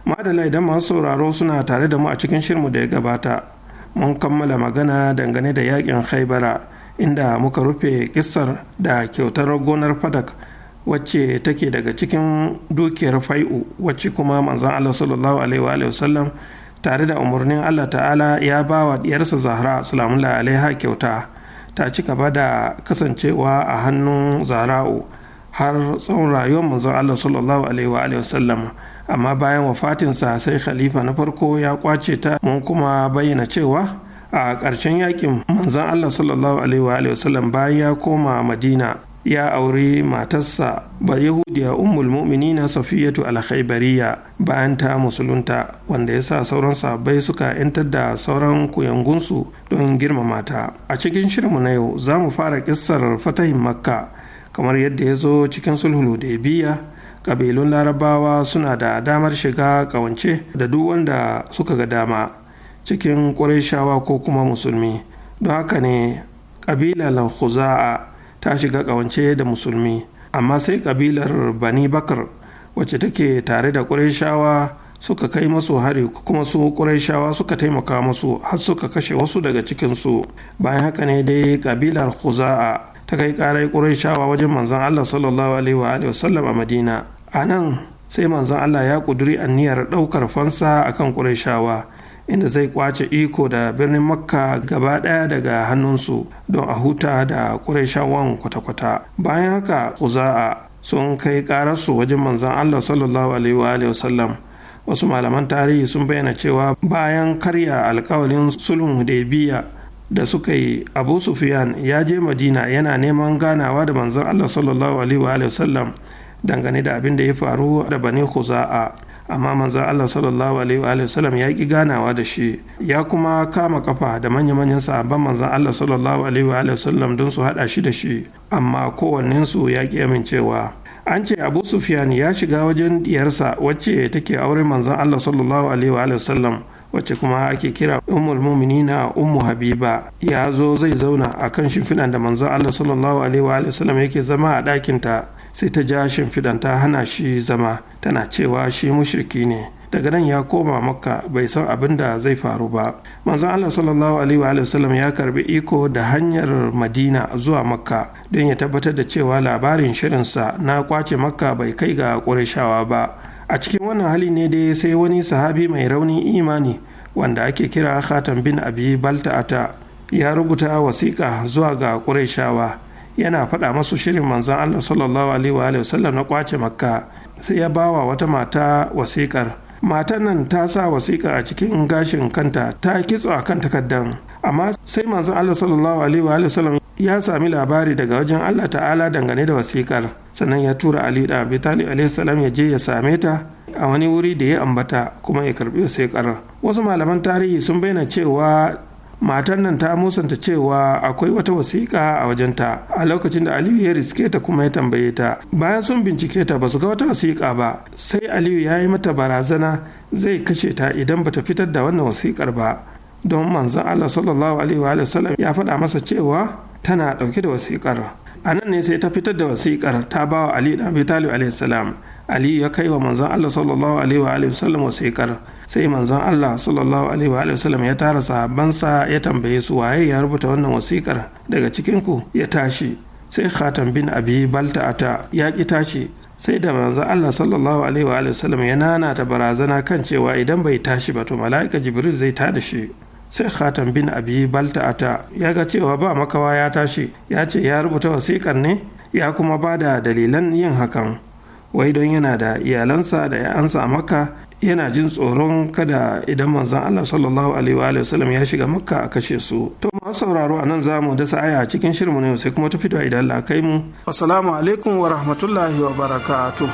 madala idan masu sauraro suna tare da mu a cikin shirmu da ya gabata mun kammala magana dangane da yakin haibara inda muka rufe kisar da kyautar gonar fadak wacce take daga cikin dukiyar fai'u wacce kuma manzon Allah sallallahu alaihi wasallam tare da umarnin Allah ta'ala ya ba wa diyarsa Zahra Salamun alaiha kyauta ta ci gaba da kasancewa a hannun Zahra'u har tsawon rayuwar manzon Allah sallallahu alaihi wasallam amma bayan wafatinsa sai khalifa na farko ya kwace ta mun kuma bayyana cewa a ƙarshen yakin manzon Allah sallallahu alaihi wa sallam bayan ya koma Madina ya auri matarsa ba yahudiya ummul mu'minina safiyatu al-khaybariya bayan ta musulunta wanda ya sa sauran sahabbai suka yantar da sauran kuyangunsu don girmama ta a cikin shirinmu na yau za mu fara kissar fatahin makka kamar yadda ya zo cikin sulhul hudaybiya kabilun larabawa suna da damar shiga kawance da duk wanda suka ga dama cikin ƙwarishawa ko kuma musulmi don haka ne ƙabilar khuza'a ta shiga ƙawance da musulmi amma sai ƙabilar bani bakar wacce take tare da ƙwarishawa suka kai masu hari kuma su ƙwarishawa suka taimaka masu har suka kashe wasu daga cikinsu bayan haka ne dai ƙabilar huza'a ta kai ƙarai ƙwarishawa wajen manzon allah sallallahu alaihi wa Sallam a madina a nan sai manzon allah ya ƙuduri aniyar ɗaukar fansa akan ƙuraishawa inda zai kwace iko da birnin makka gaba ɗaya daga hannunsu don a huta da ƙuraishawan kwata-kwata bayan haka kuza'a sun kai ƙararsu wajen manzan allah sallallahu alaihi sallam wasu malaman tarihi sun bayyana cewa bayan karya alkawalin sulhun hudaybiya da suka yi abu sufiyan ya je madina yana neman ganawa da manzan allah sallallahu alaihi sallam dangane da abin da ya faru da bani khuza'a amma manzo Allah sallallahu alaihi wa sallam ya ki ganawa da shi ya kuma kama kafa da manya-manyan sahabban manzo Allah sallallahu alaihi wa sallam don su hada shi da shi amma su ya ki amincewa an ce abu sufyan ya shiga wajen diyarsa wacce take aure manzo Allah sallallahu alaihi wa sallam wacce kuma ake kira ummul muminina ummu habiba ya zo zai zauna akan shimfiɗan da manzo Allah sallallahu alaihi wa sallam yake zama a ɗakinta sai ta ja shimfiɗan ta hana shi zama tana cewa shi mushriki ne daga nan ya koma makka bai san abin da zai faru ba manzon allah sallallahu alaihi wa ya karbi iko da hanyar madina zuwa makka don ya tabbatar da cewa labarin shirinsa na kwace makka bai kai ga ƙurashawa ba a cikin wannan hali ne dai sai wani sahabi mai rauni imani wanda ake kira khatam bin abi balta'ata ya rubuta wasiƙa zuwa ga ƙurashawa yana faɗa masu shirin manzan Allah sallallahu alaihi wa sallam na kwace makka sai ya bawa wata mata wasikar matan nan ta sa wasiƙar a cikin gashin kanta ta kitso a kan takardan amma sai manzan Allah sallallahu alaihi wa sallam ya sami labari daga wajen Allah ta'ala dangane da wasiƙar. sannan ya tura Ali da Abi Talib alaihi salam ya je ya same ta a wani wuri da ya ambata kuma ya karbi wasiƙar. wasu malaman tarihi sun bayyana cewa Matar nan ta musanta cewa akwai wata wasiƙa a wajenta a lokacin da aliyu ya riske ta kuma ya tambaye ta bayan sun bincike ta ba su ga wata wasiƙa ba sai aliyu ya yi mata barazana zai kashe ta idan bata fitar da wannan wasiƙar ba don manzon allah sallallahu alaihi wa sallam ya faɗa masa cewa tana ɗauke da wasiƙar a nan ne sai ta fitar da wasiƙar ta bawa wa aliyu da bitalu alaihi salam ali ya kai wa manzon allah sallallahu alaihi wa wasallam wasiƙar sai manzon allah sallallahu alaihi wa wasallam ya tara sahabbansa ya tambaye su waye ya rubuta wannan wasiƙar daga cikin ku ya tashi sai khatam bin abi ata ya ki tashi sai da manzon allah sallallahu alaihi wa wasallam ya ta barazana kan cewa idan bai tashi ba to mala'ika jibril zai tada shi sai khatam bin abi ata ya ga cewa ba makawa ya tashi ya ce ya rubuta wasiƙar ne ya kuma bada dalilan yin hakan wai don yana da iyalansa da ‘ya'yansa a makka yana jin tsoron kada idan manzon Allah sallallahu alaihi wa sallam ya shiga makka a kashe su to ma sauraro anan za mu dasa aya a cikin shirmu ne sai kuma ta fito idan Allah kai mu assalamu alaikum wa rahmatullahi wa barakatuh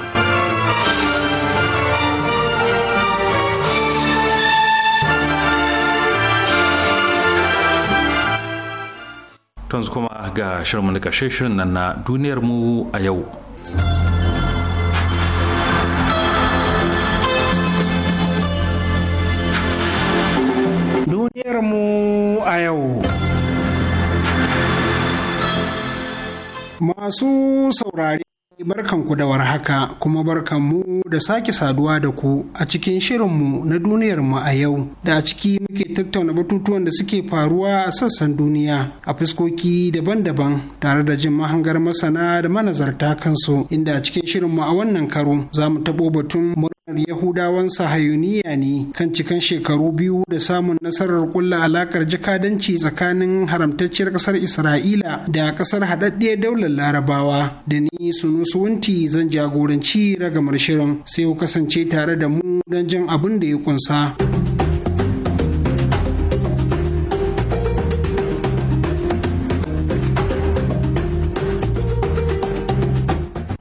Tanzu kuma ga shirmu na ƙarshe shirin nan na duniyar mu a yau. yau. Masu saurari barkanku da warhaka kuma mu da sake saduwa da ku a cikin shirinmu na duniyarmu a yau da a ciki muke tattauna batutuwan da suke faruwa a sassan duniya a fuskoki daban-daban tare da jin mahangar masana da manazarta kansu inda a cikin shirinmu a wannan karo za mu taɓo batun Yahudawan sahayuniya ne kan cikin shekaru biyu da samun nasarar kulla alakar jakadanci tsakanin haramtacciyar kasar Isra'ila da kasar haɗaɗɗiyar daular larabawa da ni sunu suwunti zan jagoranci ragamar shirin sai ku kasance tare da mu don jan abin da ya kunsa.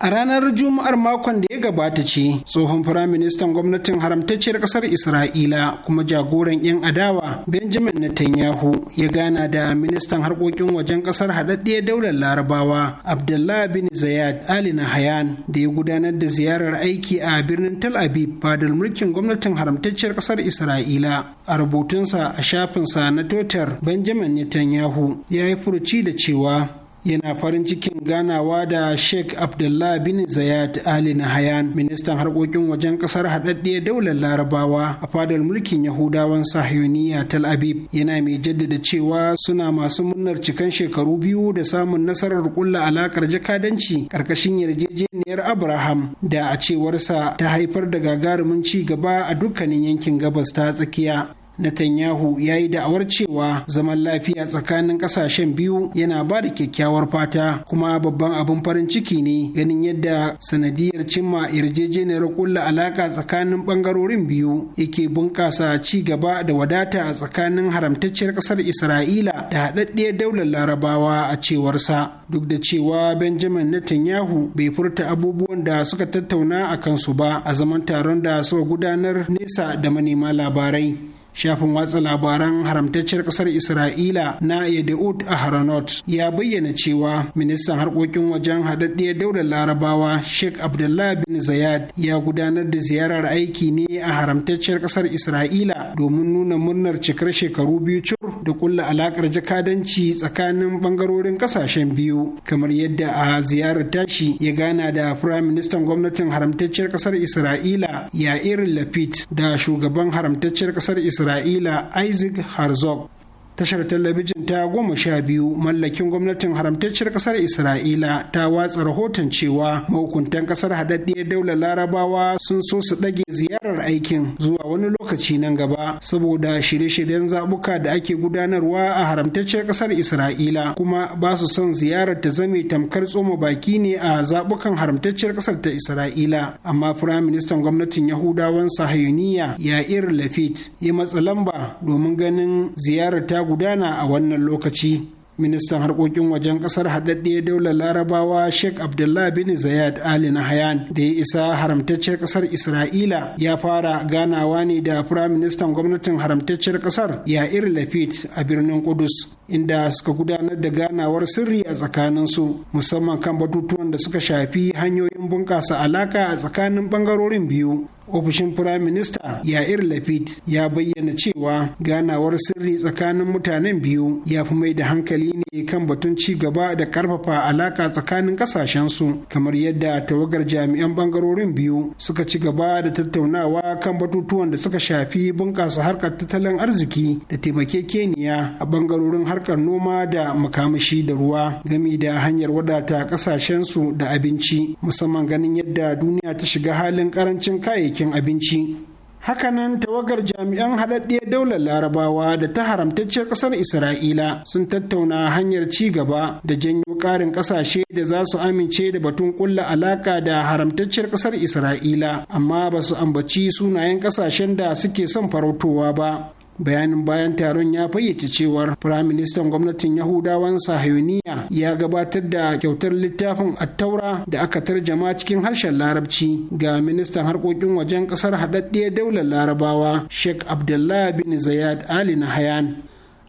A ranar Juma'ar makon da ya gabata ce, tsohon firaministan gwamnatin haramtacciyar ƙasar Isra'ila kuma jagoran 'yan adawa Benjamin Netanyahu ya gana da ministan harkokin wajen ƙasar haɗaɗɗiyar daular Larabawa Abdullah bin Zayad Ali Nahayan da ya gudanar da ziyarar aiki a birnin Tel Aviv fadar mulkin gwamnatin haramtacciyar ƙasar Isra'ila. A rubutunsa a shafinsa na Twitter, Benjamin Netanyahu ya yi furuci da cewa yana farin cikin ganawa da sheikh abdullah bin zayat ali na Hayan. ministan harkokin wajen kasar haɗaɗɗiya daular larabawa a fadar mulkin yahudawan sahiyoniya tel aviv yana mai jaddada cewa suna masu murnar cikan shekaru biyu da samun nasarar kulla alakar jakadanci ƙarƙashin yarjejeniyar abraham da a cewarsa ta haifar da gagarumin ci gaba a dukkanin yankin gabas ta tsakiya Netanyahu ya yi da'awar cewa zaman lafiya tsakanin ƙasashen biyu yana ba da kyakkyawar fata kuma babban abin farin ciki ne ganin yadda sanadiyar cimma yarjejeniyar kulla alaƙa tsakanin ɓangarorin biyu yake bunƙasa ci gaba da wadata a tsakanin haramtacciyar ƙasar Isra'ila da haɗaɗɗiyar daular Larabawa a cewarsa duk da cewa Benjamin Netanyahu bai furta abubuwan da suka tattauna a kansu ba a zaman taron da suka gudanar nesa da manema labarai. shafin watsa labaran haramtacciyar kasar isra'ila na a aharonot ya bayyana cewa ministan harkokin wajen haɗaɗɗiyar daular larabawa sheikh abdullah bin zayad ya gudanar da ziyarar aiki ne a haramtacciyar kasar isra'ila domin nuna murnar cikar shekaru biyu cur da kulla alakar jakadanci tsakanin bangarorin kasashen biyu kamar yadda a ziyarar tashi ya gana da firayim ministan gwamnatin haramtacciyar kasar isra'ila ya irin lafit da shugaban haramtacciyar kasar isra'ila isra'ila isaac herzog tashar talabijin ta goma sha biyu mallakin gwamnatin haramtacciyar kasar isra'ila ta watsa rahoton cewa mahukuntan kasar haɗaɗɗiyar daular larabawa sun so su ɗage ziyarar aikin zuwa wani lokaci nan gaba saboda shirye-shiryen zaɓuka da ake gudanarwa a haramtacciyar kasar isra'ila kuma ba su son ziyarar ta zame tamkar tsoma baki ne a zaɓukan haramtacciyar kasar ta isra'ila amma firaministan gwamnatin yahudawan sahayuniya ya'ir lafit ya matsa lamba domin ganin ziyarar ta gudana a wannan lokaci ministan harkokin wajen kasar haɗaɗɗe daular larabawa sheikh abdullah bin zayed ali nahyan da ya isa haramtacciyar kasar isra'ila ya fara ganawa ne da firaministan gwamnatin haramtacciyar kasar yair lafit a birnin kudus inda suka gudanar da ganawar sirri a tsakanin su musamman kan batutuwan da suka shafi hanyoyin bunƙasa alaka a tsakanin ɓangarorin biyu ofishin Prime Minister, yair lapid ya bayyana cewa ganawar sirri tsakanin mutanen biyu ya fi mai da hankali ne kan batun ci gaba da karfafa alaka tsakanin kasashensu kamar yadda tawagar jami'an bangarorin biyu suka ci gaba da tattaunawa kan batutuwan da suka shafi bunƙasa harkar tattalin arziki da taimakekeniya a bangarorin harkar noma da makamashi da ruwa gami da hanyar wadata kasashensu da abinci musamman ganin yadda duniya ta shiga halin karancin kayayyaki kayayyakin abinci Hakanan tawagar jami'an haɗaɗɗiyar daular larabawa da ta haramtacciyar ƙasar Isra'ila sun tattauna hanyar ci gaba da janyo ƙarin ƙasashe da za su amince da batun ƙulla alaƙa da haramtacciyar ƙasar Isra'ila, amma ba su ambaci sunayen ƙasashen da suke son farautowa ba. bayanin bayan taron ya fayyace cewar firaministan gwamnatin yahudawan sahayuniya ya gabatar da kyautar littafin attaura da aka tarjama cikin harshen larabci ga ministan harkokin wajen kasar haɗaɗɗiyar daular larabawa sheikh Abdullahi bin zayad ali nahayan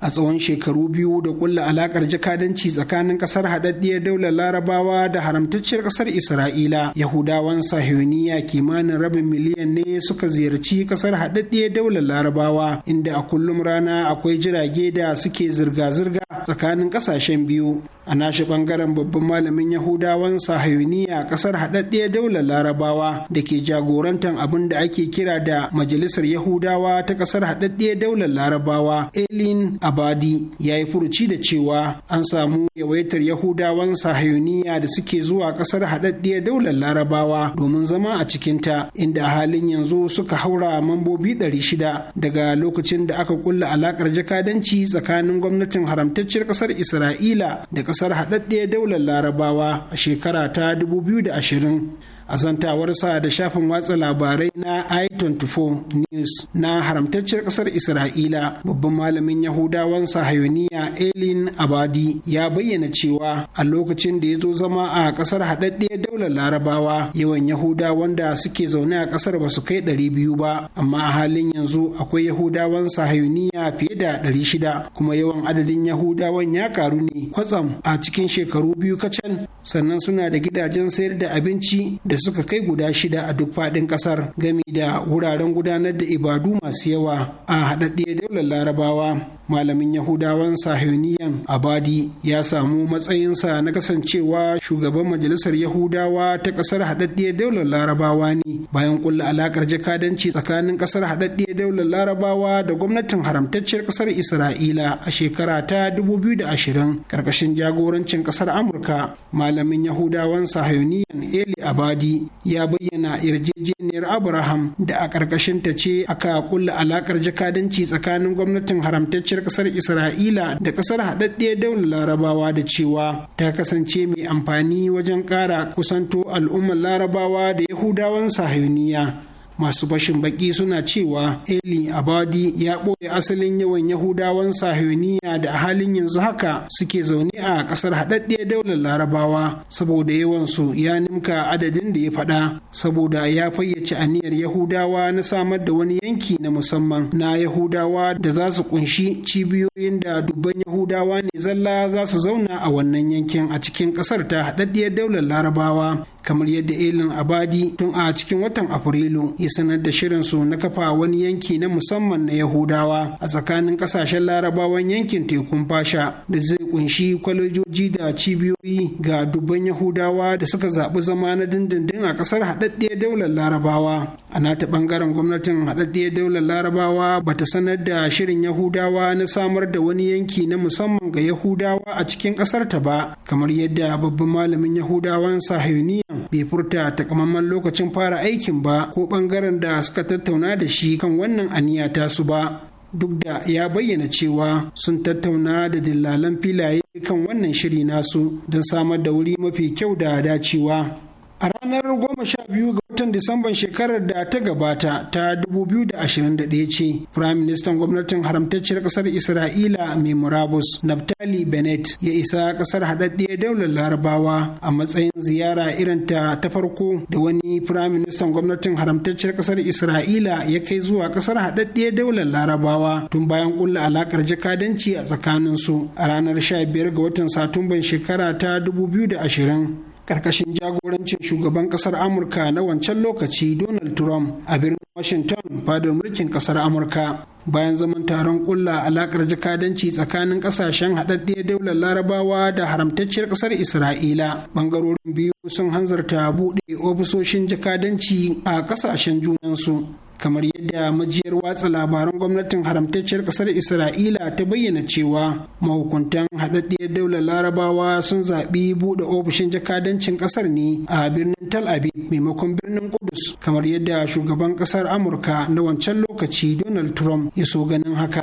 a tsawon shekaru biyu da kulla alakar jakadanci tsakanin kasar haɗaɗɗiyar daular larabawa da haramtacciyar kasar isra'ila yahudawan sahiyoniya kimanin rabin miliyan ne suka ziyarci kasar haɗaɗɗiyar daular larabawa inda a kullum rana akwai jirage da suke zirga-zirga tsakanin ƙasashen biyu a nashi bangaren babban malamin yahudawan sahayuniya kasar haɗaɗɗiyar daular larabawa da ke jagorantar abin da ake kira da majalisar yahudawa ta kasar haɗaɗɗiyar daular larabawa elin abadi ya yi furuci da cewa an samu yawaitar yahudawan sahayuniya da suke zuwa kasar haɗaɗɗiyar daular larabawa domin zama a cikinta inda a halin yanzu suka haura mambobi ɗari shida daga lokacin da aka kulla alaƙar jakadanci tsakanin gwamnatin haramtacciyar ƙasar isra'ila da kasar haɗaɗɗiyar daular larabawa a shekara ta 2020 a zantawarsa da shafin watsa labarai na i24 news na haramtacciyar kasar isra'ila babban malamin yahudawan sahayoniya elin abadi ya bayyana cewa a lokacin da ya zo zama a kasar haɗaɗɗiyar daular larabawa yawan yahudawan da suke zaune a kasar ba su kai ɗari biyu ba amma a halin yanzu akwai yahudawan sahayoniya fiye da ɗari shida kuma yawan adadin yahudawan ya karu ne kwatsam a cikin shekaru biyu kacal sannan suna da gidajen sayar da abinci da suka kai guda shida a duk faɗin ƙasar gami da wuraren gudanar da ibadu masu yawa a haɗaɗɗiyar daular larabawa malamin yahudawan Sahuniyan abadi ya samu matsayinsa na kasancewa shugaban majalisar yahudawa ta kasar haɗaɗɗiyar daular larabawa ne bayan kulla alakar jakadanci tsakanin kasar haɗaɗɗiyar daular larabawa da gwamnatin haramtacciyar kasar isra'ila a shekara ta 2020 karkashin jagorancin kasar amurka malamin yahudawan Sahuniyan eli abadi ya bayyana yarjejeniyar abraham da a karkashin ta ce aka kulla alakar jakadanci tsakanin gwamnatin haramtacciyar makwabciyar kasar isra'ila da kasar haɗaɗɗiyar daular larabawa da cewa ta kasance mai amfani wajen ƙara kusanto al'ummar larabawa da yahudawan sahiyuniya masu bashin baki suna cewa eli abadi ya ɓoye asalin yawan yahudawan sahiyoniya da a halin yanzu haka suke zaune a ƙasar haɗaɗɗiyar daular larabawa saboda yawansu ya nimka adadin da ya faɗa saboda ya fayyace aniyar yahudawa na samar da wani yanki na musamman na yahudawa da za su kunshi cibiyoyin da dubban yahudawa ne zalla za su zauna a wannan yankin a cikin ƙasar ta haɗaɗɗiyar daular larabawa kamar yadda elin abadi tun a cikin watan afrilu ya sanar da su na kafa wani yanki na musamman na Yahudawa a tsakanin ƙasashen larabawan yankin tekun fasha da zai kunshi kwalejoji da cibiyoyi ga dubban Yahudawa da suka zaɓi zama na dindindin a ƙasar haɗaɗɗiyar daular larabawa. A nata ɓangaren gwamnatin haɗaɗɗiyar daular larabawa bata sanar da shirin Yahudawa na samar da wani yanki na musamman ga Yahudawa a cikin ta ba kamar yadda babban malamin Yahudawan Sahiyuniyan bai furta takamaiman lokacin fara aikin ba ko ɓangaren bangaren da suka tattauna da shi kan wannan aniya su ba duk da ya bayyana cewa sun tattauna da dillalan filaye kan wannan shiri nasu don samar da wuri mafi kyau da dacewa A ranar 12 ga watan Disamban shekarar da ta gabata ta 2021 ce, Prime Minister Gwamnatin Haramtacciyar Ƙasar Isra'ila mai murabus Naftali Bennett ya isa ƙasar haɗaɗɗiyar daular Larabawa a matsayin ziyara irin ta ta farko da wani Prime Minister Gwamnatin Haramtacciyar Ƙasar Isra'ila ya kai zuwa ƙasar haɗaɗɗiyar daular Larabawa tun bayan ƙulla alaƙar jakadanci a tsakaninsu a ranar 15 ga watan Satumban shekara ta 2020. karkashin jagorancin shugaban kasar amurka na wancan lokaci donald trump a birnin washington fadar mulkin kasar amurka bayan zaman taron kulla alakar jakadanci tsakanin kasashen haɗaɗɗiyar daular larabawa da haramtacciyar ƙasar isra'ila ɓangarorin biyu sun hanzarta buɗe ofisoshin jakadanci a ƙasashen junansu kamar yadda majiyar watsa labaran gwamnatin haramtacciyar kasar isra'ila ta bayyana cewa mahukuntan haɗaɗɗiyar daular larabawa sun zaɓi buɗe ofishin jakadancin ƙasar ne a birnin tal aviv maimakon birnin kudus kamar yadda shugaban ƙasar amurka na wancan lokaci donald trump ya so ganin haka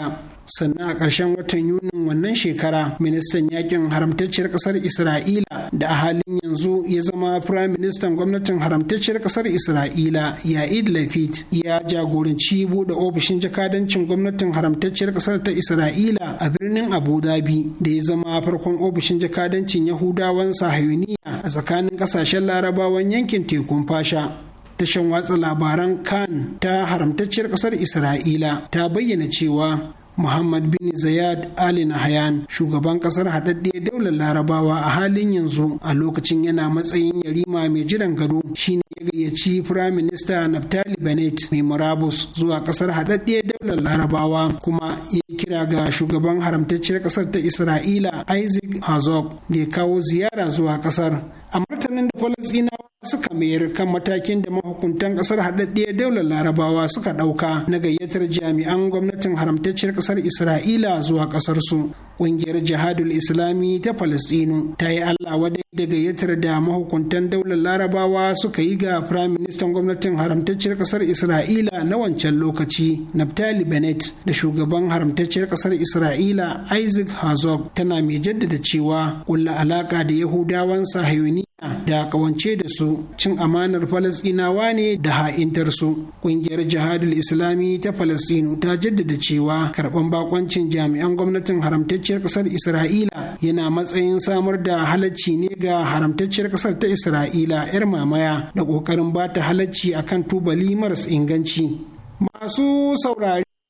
sannan a ƙarshen watan yunin wannan shekara ministan yakin haramtacciyar ƙasar isra'ila da a halin yanzu ya zama prime ministan gwamnatin haramtacciyar ƙasar isra'ila ya'id lafit ya jagoranci buɗe ofishin jakadancin gwamnatin haramtacciyar ƙasar ta isra'ila a birnin abu dhabi da ya zama farkon ofishin jakadancin yahudawan sahayuniya a tsakanin ƙasashen larabawan yankin tekun fasha tashan watsa labaran kan ta haramtacciyar ƙasar isra'ila ta bayyana cewa Muhammad bin Zayad Ali Nahyan shugaban kasar haɗaɗɗiyar daular larabawa a halin yanzu a lokacin yana matsayin yarima mai jiran gado shine ya gayyaci Prime Minister Naftali Bennett mai murabus zuwa kasar haɗaɗɗiyar daular larabawa kuma ya kira ga shugaban haramtacciyar kasar ta Isra'ila Isaac Herzog da ya kawo ziyara zuwa kasar a martanin da falasinawa suka mayar kan matakin da mahukuntan ƙasar haɗaɗɗiyar daular larabawa suka ɗauka na gayyatar jami'an gwamnatin haramtacciyar ƙasar isra'ila zuwa ƙasarsu. kungiyar jihadul islami ta palestinu ta yi allah wadai da gayyatar da mahukuntan daular larabawa suka yi ga firayim ministan gwamnatin haramtacciyar kasar isra'ila na wancan lokaci naftali bennett da shugaban haramtacciyar kasar isra'ila isaac herzog tana mai jaddada cewa kulla alaka da yahudawan sahayuni da kawance da su cin amanar falasɗinawa ne da ha'intar su ƙungiyar jihadul islami ta falasɗinu ta jaddada cewa karban bakoncin jami'an gwamnatin haramtacciyar ƙasar isra'ila yana matsayin samar da halacci ne ga haramtacciyar ƙasar ta isra'ila 'yar mamaya da ƙoƙarin ba ta halacci akan tubali maras inganci masu saurari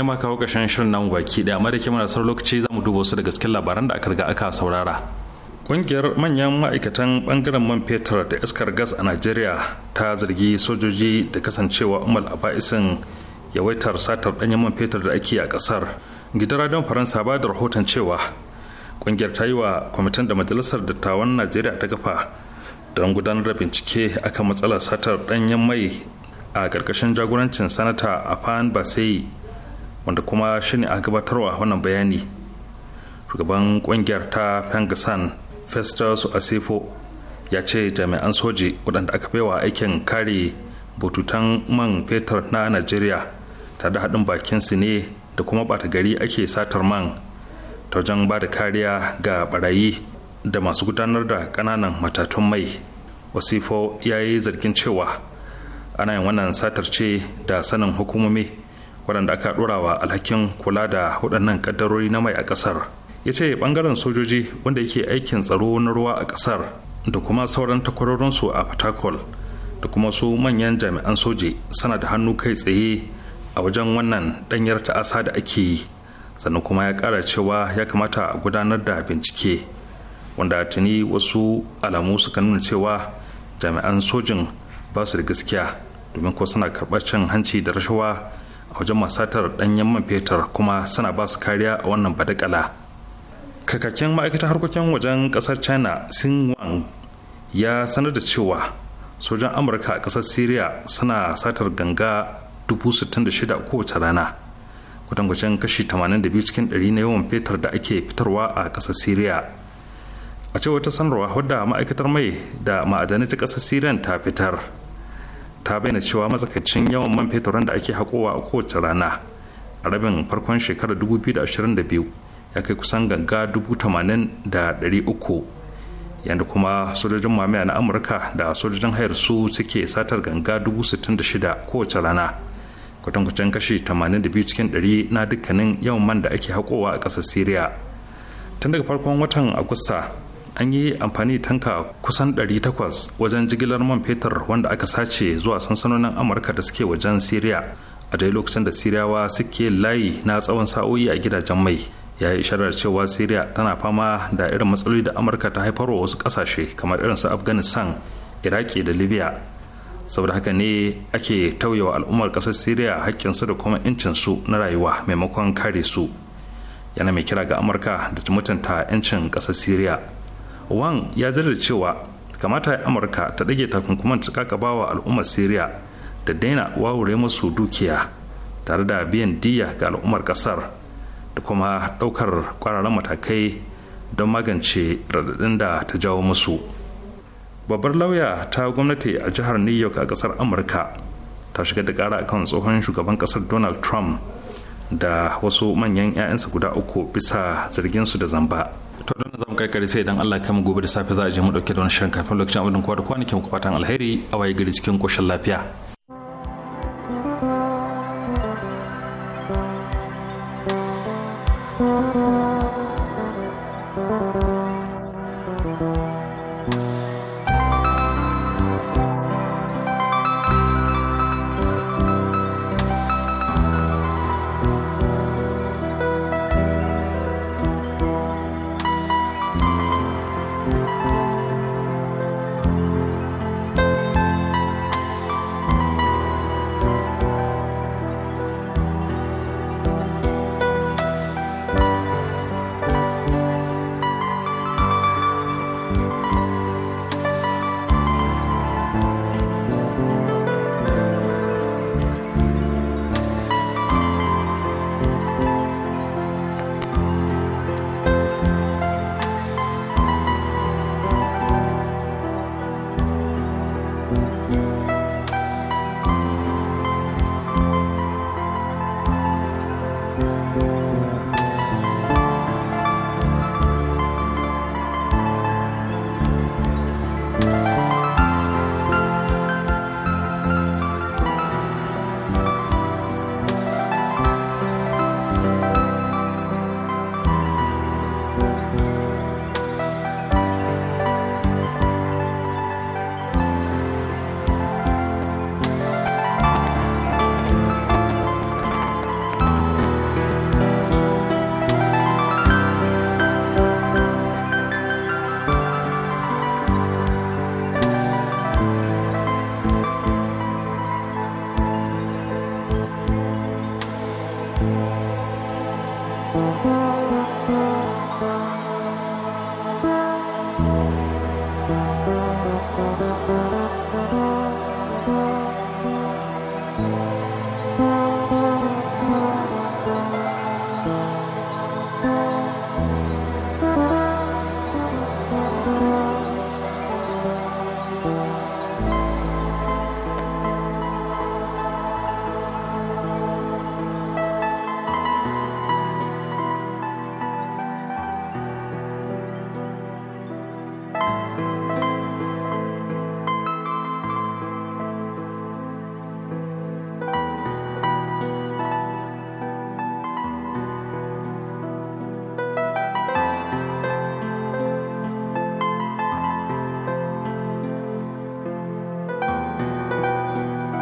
ne ma kawo ƙarshen shirin namu baki da amma da ke marasar lokaci za mu duba su da gaske labaran da aka riga aka saurara Ƙungiyar manyan ma'aikatan ɓangaren man fetur da iskar gas a Najeriya ta zargi sojoji da kasancewa umar a ba'isin yawaitar satar ɗanyen man fetur da ake a ƙasar. Gidan radiyon Faransa ba da rahoton cewa ƙungiyar ta yi wa kwamitin da majalisar dattawan Najeriya ta kafa don gudanar da bincike akan matsalar satar ɗanyen mai a ƙarƙashin jagorancin sanata Afan Basayi wanda kuma shi ne a gabatarwa wannan bayani shugaban kungiyar ta pangasan festus asifo ya ce jami'an soji waɗanda aka baiwa aikin kare bututan man fetur na nigeria ta da haɗin su ne da kuma ɓata gari ake satar man ta wajen ba da kariya ga barayi da masu gudanar da ƙananan matatun mai wasifo ya yi zargin cewa ana yin wannan satar ce da sanin hukumomi waɗanda aka ɗorawa alhakin kula da waɗannan ƙaddarori na mai a ƙasar ya ce ɓangaren sojoji wanda yake aikin tsaro na ruwa a ƙasar da kuma sauran takwarorinsu a fatakol da kuma su manyan jami'an soji sana da hannu kai tsaye a wajen wannan ɗanyar ta'asa da ake yi sannan kuma ya ƙara cewa ya kamata a gudanar da bincike wanda tuni wasu alamu suka nuna cewa jami'an sojin ba su da gaskiya domin ko suna karɓar cin hanci da rashawa a wajen masatar ɗanyen man fetur kuma suna ba su kariya a wannan badakala kakakin ma'aikatar harkokin wajen ƙasar china sin wang ya sanar da cewa sojan amurka a ƙasar syria suna satar ganga 66,000 kowace rana kwatankwacin kashi 82 cikin 100 na yawan fetur da ake fitarwa a ƙasar syria a cewar ta sanarwa wadda ma'aikatar mai da ma'adanai ta ƙasar syria ta fitar ta bayyana cewa matsakaicin yawan man fetur da ake haƙowa a kowace rana a rabin farkon shekarar 2022 ya kai kusan ganga 80,300 yadda kuma sojojin mamaya na amurka da sojojin hayar su suke satar ganga 66,000 kowace rana kwatankwacin kashi 82 cikin 100 na dukkanin yawan man da ake haƙowa a ƙasar syria tun daga farkon watan agusta an yi amfani tanka kusan 800 wajen jigilar man fetur wanda aka sace zuwa sansanonin amurka da suke wajen syria a dai lokacin da siriyawa suke layi na tsawon sa'o'i a gidajen mai ya yi isharar cewa syria tana fama da irin matsaloli da amurka ta haifarwa wasu kasashe kamar irin su afghanistan iraki da libya saboda haka ne ake tauyewa al'ummar kasar syria su da kuma 'yancinsu na rayuwa maimakon kare su yana mai kira ga amurka da ta mutunta 'yancin ƙasar syria wang ya zarda cewa kamata amurka ta ɗage takunkuman ta wa al'ummar syria da daina wawure musu dukiya tare da biyan diya ga al'ummar ƙasar da kuma ɗaukar ƙwararren matakai don magance raɗaɗin da ta jawo musu babbar lauya ta gwamnati a jihar new york a ƙasar amurka ta shiga da ƙara akan tsohon shugaban ƙasar donald trump da wasu manyan 'ya'yansa guda uku bisa zarginsu da zamba za kai kare sai idan Allah ya kama gobe da safe za a je mu dauke da wani shirin kafin lokacin abin da kwa da kwanakin kwafatan fatan alheri a waye gari cikin koshin lafiya